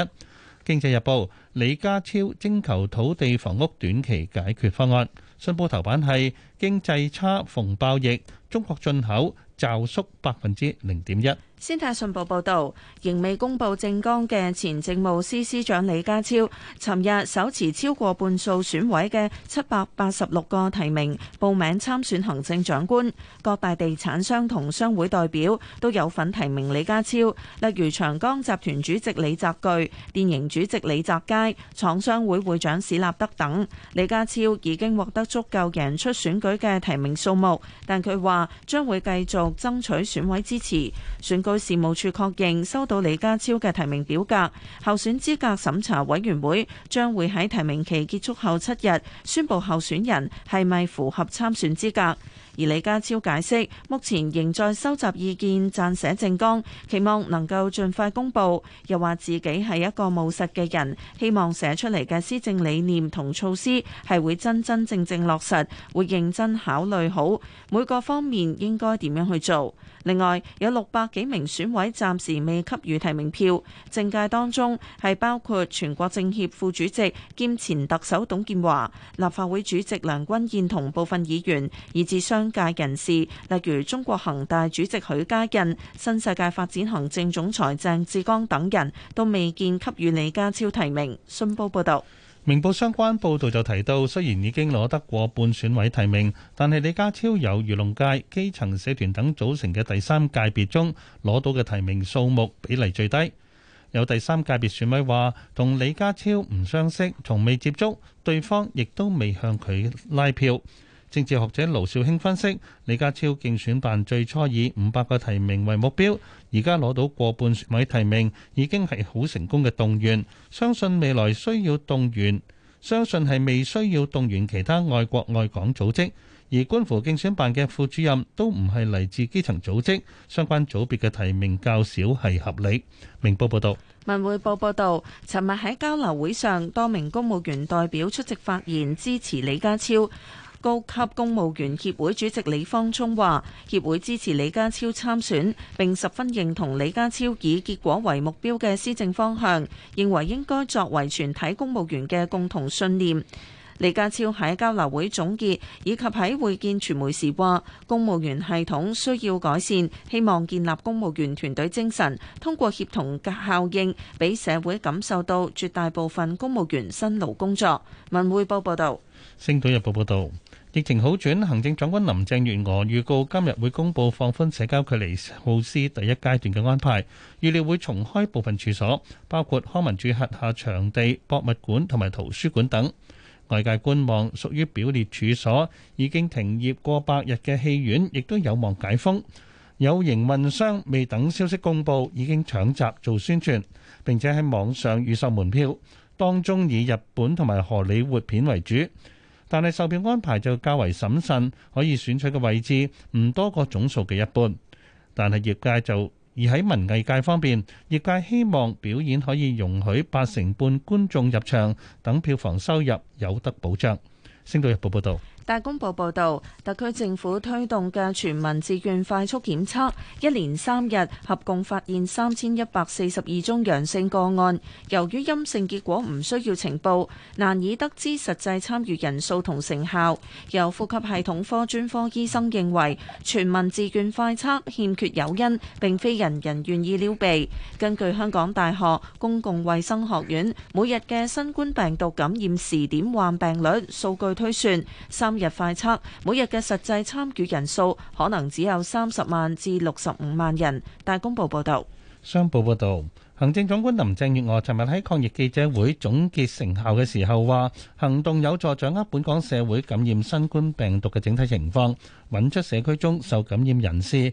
經濟日報，李家超徵求土地房屋短期解決方案。信報頭版係經濟差逢爆疫，中國進口驟縮百分之零點一。《先泰信報》報導，仍未公布政綱嘅前政務司司長李家超，尋日手持超過半數選委嘅七百八十六個提名報名參選行政長官。各大地產商同商會代表都有份提名李家超，例如長江集團主席李澤鉅、電盈主席李澤楷、廠商會會長史立德等。李家超已經獲得足夠贏出選舉嘅提名數目，但佢話將會繼續爭取選委支持選舉。據事務處確認收到李家超嘅提名表格，候選資格審查委員會將會喺提名期結束後七日宣布候選人係咪符合參選資格。而李家超解釋，目前仍在收集意見、撰寫政綱，期望能夠盡快公布。又話自己係一個務實嘅人，希望寫出嚟嘅施政理念同措施係會真真正正落實，會認真考慮好每個方面應該點樣去做。另外，有六百幾名選委暫時未給予提名票，政界當中係包括全國政協副主席兼前特首董建華、立法會主席梁君彥同部分議員，以至相商界人士，例如中國恒大主席許家印、新世界發展行政總裁鄭志剛等人都未見給予李家超提名。信報報道，明報相關報道就提到，雖然已經攞得過半選委提名，但係李家超由漁農界、基層社團等組成嘅第三界別中，攞到嘅提名數目比例最低。有第三界別選委話，同李家超唔相識，從未接觸，對方亦都未向佢拉票。政治學者盧兆興分析，李家超競選辦最初以五百個提名為目標，而家攞到過半位提名，已經係好成功嘅動員，相信未來需要動員，相信係未需要動員其他愛國愛港組織，而觀乎競選辦嘅副主任都唔係嚟自基層組織，相關組別嘅提名較少係合理。明報報道，文匯報報道，尋日喺交流會上，多名公務員代表出席發言，支持李家超。高級公務員協會主席李方聰話，協會支持李家超參選，並十分認同李家超以結果為目標嘅施政方向，認為應該作為全體公務員嘅共同信念。李家超喺交流會總結以及喺會見傳媒時話，公務員系統需要改善，希望建立公務員團隊精神，通過協同效應，俾社會感受到絕大部分公務員辛勞工作。文匯報報道，星島日報報道。疫情好轉，行政長官林鄭月娥預告今日會公布放寬社交距離措施第一階段嘅安排，預料會重開部分處所，包括康文署轄下場地、博物館同埋圖書館等。外界觀望屬於表列處所已經停業過百日嘅戲院，亦都有望解封。有營運商未等消息公布，已經搶閘做宣傳，並且喺網上預售門票，當中以日本同埋荷里活片為主。但係售票安排就較為審慎，可以選取嘅位置唔多過總數嘅一半。但係業界就，而喺文藝界方面，業界希望表演可以容許八成半觀眾入場，等票房收入有得保障。星島日報報道。大公報報導，特區政府推動嘅全民自願快速檢測，一連三日合共發現三千一百四十二宗陽性個案。由於陰性結果唔需要呈報，難以得知實際參與人數同成效。有呼吸系統科專科醫生認為，全民自願快測欠缺誘因，並非人人願意撩鼻。根據香港大學公共衛生學院每日嘅新冠病毒感染時點患病率數據推算，三日快測，每日嘅實際參與人數可能只有三十萬至六十五萬人。大公報報道，商報報道，行政長官林鄭月娥尋日喺抗疫記者會總結成效嘅時候話，行動有助掌握本港社會感染新冠病毒嘅整體情況，搵出社區中受感染人士，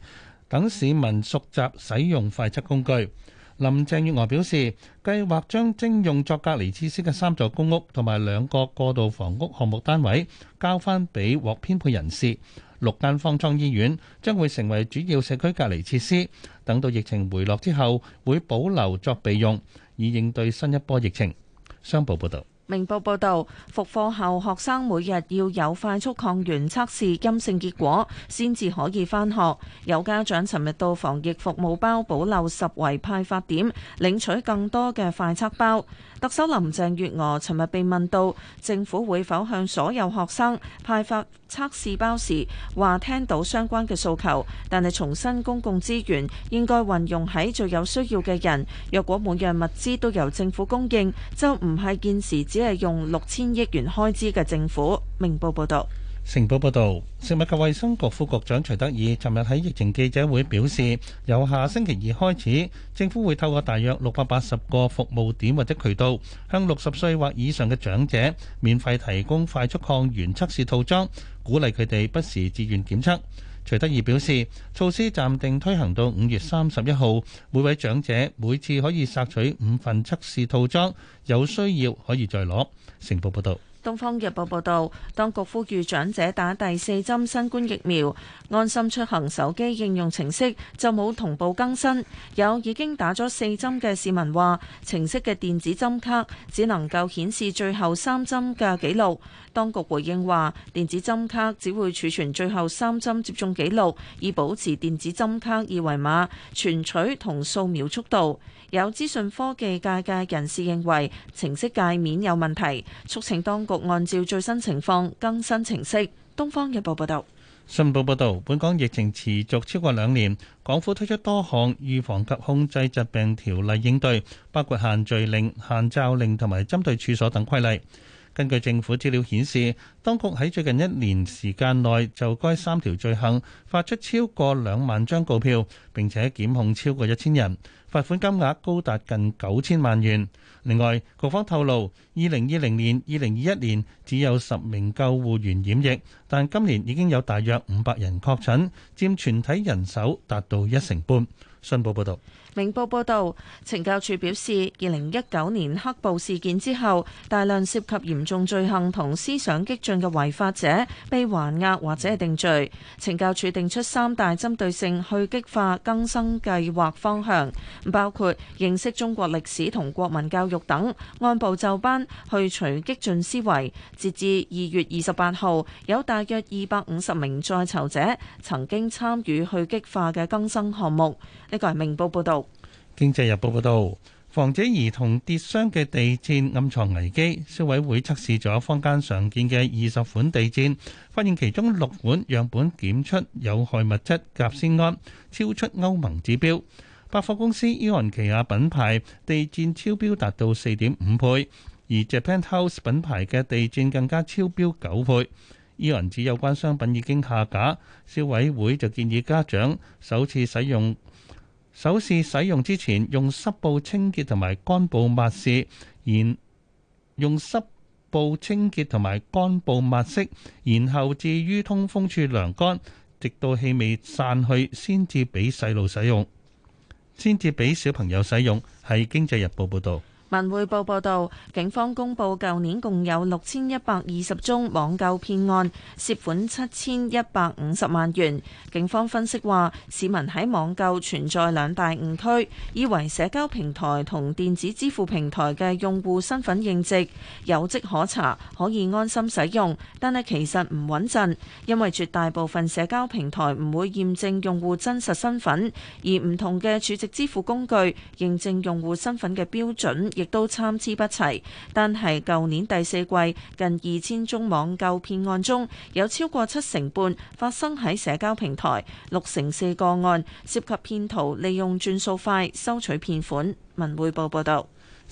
等市民熟習使用快測工具。林鄭月娥表示，計劃將徵用作隔離設施嘅三座公屋同埋兩個過渡房屋項目單位交翻俾獲編配人士。六間方艙醫院將會成為主要社區隔離設施，等到疫情回落之後，會保留作備用，以應對新一波疫情。商報報導。明報報導，復課後學生每日要有快速抗原測試陰性結果，先至可以返學。有家長尋日到防疫服務包保留十圍派發點，領取更多嘅快測包。特首林鄭月娥尋日被問到政府會否向所有學生派發測試包時，話聽到相關嘅訴求，但係重申公共資源應該運用喺最有需要嘅人。若果每樣物資都由政府供應，就唔係現時只係用六千億元開支嘅政府。明報報道。成報報道，食物及衛生局副局長徐德義尋日喺疫情記者會表示，由下星期二開始，政府會透過大約六百八十個服務點或者渠道，向六十歲或以上嘅長者免費提供快速抗原測試套裝，鼓勵佢哋不時自願檢測。徐德義表示，措施暫定推行到五月三十一號，每位長者每次可以索取五份測試套裝，有需要可以再攞。成報報道。《東方日報》報導，當局呼籲長者打第四針新冠疫苗，安心出行手機應用程式就冇同步更新。有已經打咗四針嘅市民話，程式嘅電子針卡只能夠顯示最後三針嘅記錄。當局回應話，電子針卡只會儲存最後三針接種記錄，以保持電子針卡二維碼存取同掃描速度。有資訊科技界嘅人士認為程式界面有問題，促請當局按照最新情況更新程式。《東方日報》報道。《信報》報道，本港疫情持續超過兩年，港府推出多項預防及控制疾病條例應對，包括限聚令、限罩令同埋針對處所等規例。根據政府資料顯示，當局喺最近一年時間內就該三條罪行發出超過兩萬張告票，並且檢控超過一千人。罰款金額高達近九千萬元。另外，局方透露，二零二零年、二零二一年只有十名救護員染疫，疫，但今年已經有大約五百人確診，佔全體人手達到一成半。信報報導。明報報導，懲教處表示，二零一九年黑暴事件之後，大量涉及嚴重罪行同思想激進嘅違法者被還押或者係定罪。懲教處定出三大針對性去激化更生計劃方向，包括認識中國歷史同國民教育等，按部就班去除激進思維。截至二月二十八號，有大約二百五十名在囚者曾經參與去激化嘅更生項目。呢個係明報報導。《經濟日報》報道，防止兒童跌傷嘅地氈暗藏危機。消委會測試咗坊間常見嘅二十款地氈，發現其中六款樣本檢出有害物質甲酰胺，超出歐盟指標。百貨公司伊雲奇亞品牌地氈超標達到四點五倍，而 Japan House 品牌嘅地氈更加超標九倍。伊雲指有關商品已經下架，消委會就建議家長首次使用。首次使用之前，用濕布清潔同埋乾布抹拭，然用濕布清潔同埋乾布抹拭，然後置於通風處晾乾，直到氣味散去先至俾細路使用，先至俾小朋友使用。係《經濟日報》報導。文匯報報道，警方公布舊年共有六千一百二十宗網購騙案，涉款七千一百五十萬元。警方分析話，市民喺網購存在兩大誤區，以為社交平台同電子支付平台嘅用戶身份認證有跡可查，可以安心使用，但係其實唔穩陣，因為絕大部分社交平台唔會驗證用戶真實身份，而唔同嘅儲值支付工具認證用戶身份嘅標準。亦都參差不齊，但係舊年第四季近二千宗網購騙案中，有超過七成半發生喺社交平台，六成四個案涉及騙徒利用轉數快收取騙款。文匯報報道。《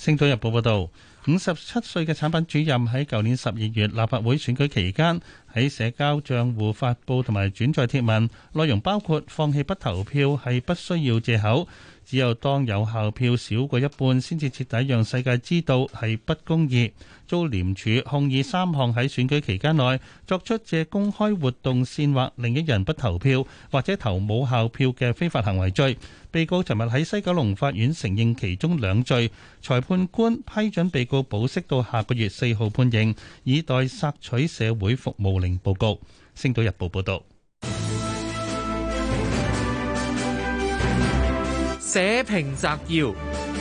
星島日報》報道：「五十七歲嘅產品主任喺舊年十二月立法會選舉期間，喺社交帳戶發布同埋轉載貼文，內容包括放棄不投票係不需要藉口。只有當有效票少過一半，先至徹底讓世界知道係不公義。」遭廉署控以三項喺選舉期間內作出借公開活動煽惑另一人不投票或者投冇效票嘅非法行為罪，被告尋日喺西九龍法院承認其中兩罪，裁判官批准被告保釋到下個月四號判刑，以待索取社會服務令報告。星島日報報道。寫評摘要。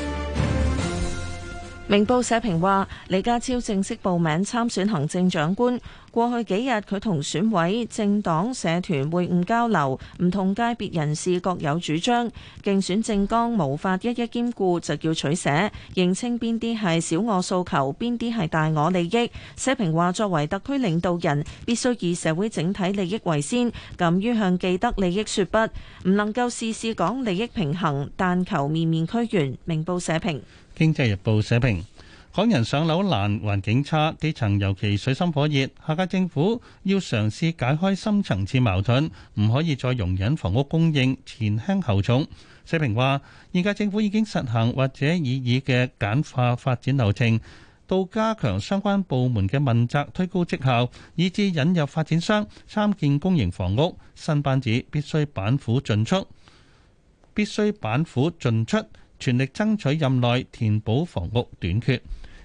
明報社評話，李家超正式報名參選行政長官。過去幾日，佢同選委、政黨、社團會晤交流，唔同界別人士各有主張。競選政綱無法一一兼顧，就要取捨，認清邊啲係小我訴求，邊啲係大我利益。社評話，作為特區領導人，必須以社會整體利益為先，敢於向既得利益說不，唔能夠事事講利益平衡，但求面面俱圓。明報社評。《經濟日報》社評：港人上樓難，環境差，基層尤其水深火熱。下屆政府要嘗試解開深層次矛盾，唔可以再容忍房屋供應前輕後重。社評話：現屆政府已經實行或者已以嘅簡化發展流程，到加強相關部門嘅問責，推高績效，以至引入發展商參建公營房屋。新班子必須板斧盡出，必須板斧盡出。全力爭取任內填補房屋短缺，《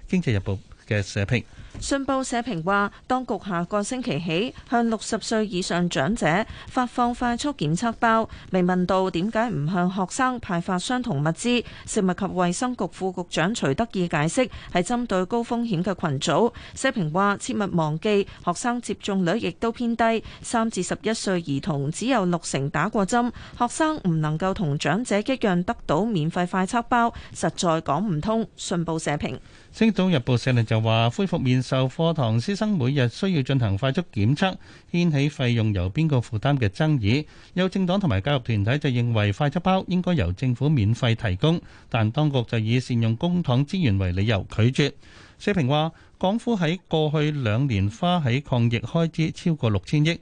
經濟日報》。嘅社評，《信報》社評話，當局下個星期起向六十歲以上長者發放快速檢測包，未問到點解唔向學生派發相同物資。食物及衛生局副局長徐德義解釋係針對高風險嘅群組。社評話，切勿忘記學生接種率亦都偏低，三至十一歲兒童只有六成打過針。學生唔能夠同長者一樣得到免費快測包，實在講唔通，《信報》社評。《星島日報》社論就話：恢復面授課堂，師生每日需要進行快速檢測，掀起費用由邊個負擔嘅爭議。有政黨同埋教育團體就認為快速包應該由政府免費提供，但當局就以善用公帑資源為理由拒絕。社評話：港府喺過去兩年花喺抗疫開支超過六千億，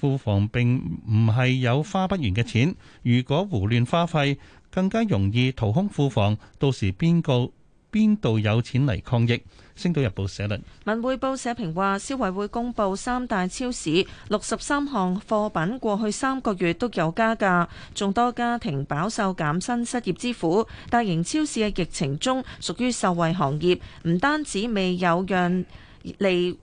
庫房並唔係有花不完嘅錢，如果胡亂花費，更加容易掏空庫房，到時邊個？邊度有錢嚟抗疫？《星島日報》社論，《文匯報》社評話：消委會公佈三大超市六十三項貨品過去三個月都有加價，眾多家庭飽受減薪失業之苦。大型超市喺疫情中屬於受惠行業，唔單止未有讓利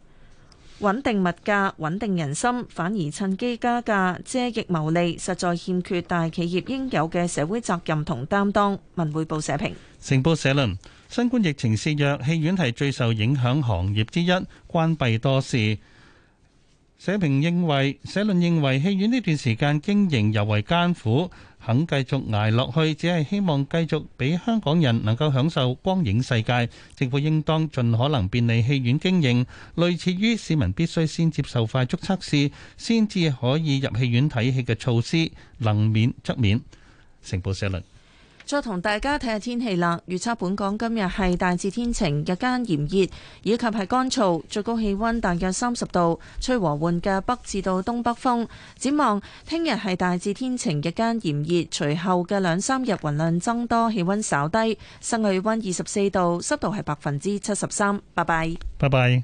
穩定物價、穩定人心，反而趁機加價借疫牟利，實在欠缺大企業應有嘅社會責任同擔當。《文匯報》社評，社《成報》社論。新冠疫情肆虐，戲院係最受影響行業之一，關閉多時。社評認為，社論認為戲院呢段時間經營尤為艱苦，肯繼續挨落去，只係希望繼續俾香港人能夠享受光影世界，政府應當盡可能便利戲院經營，類似於市民必須先接受快速測試，先至可以入戲院睇戲嘅措施，能免則免。成報社論。再同大家睇下天氣啦。預測本港今日係大致天晴，日間炎熱，以及係乾燥，最高氣温大約三十度，吹和緩嘅北至到東北風。展望聽日係大致天晴，日間炎熱，隨後嘅兩三日雲量增多，氣温稍低，室外溫二十四度，濕度係百分之七十三。拜拜。拜拜。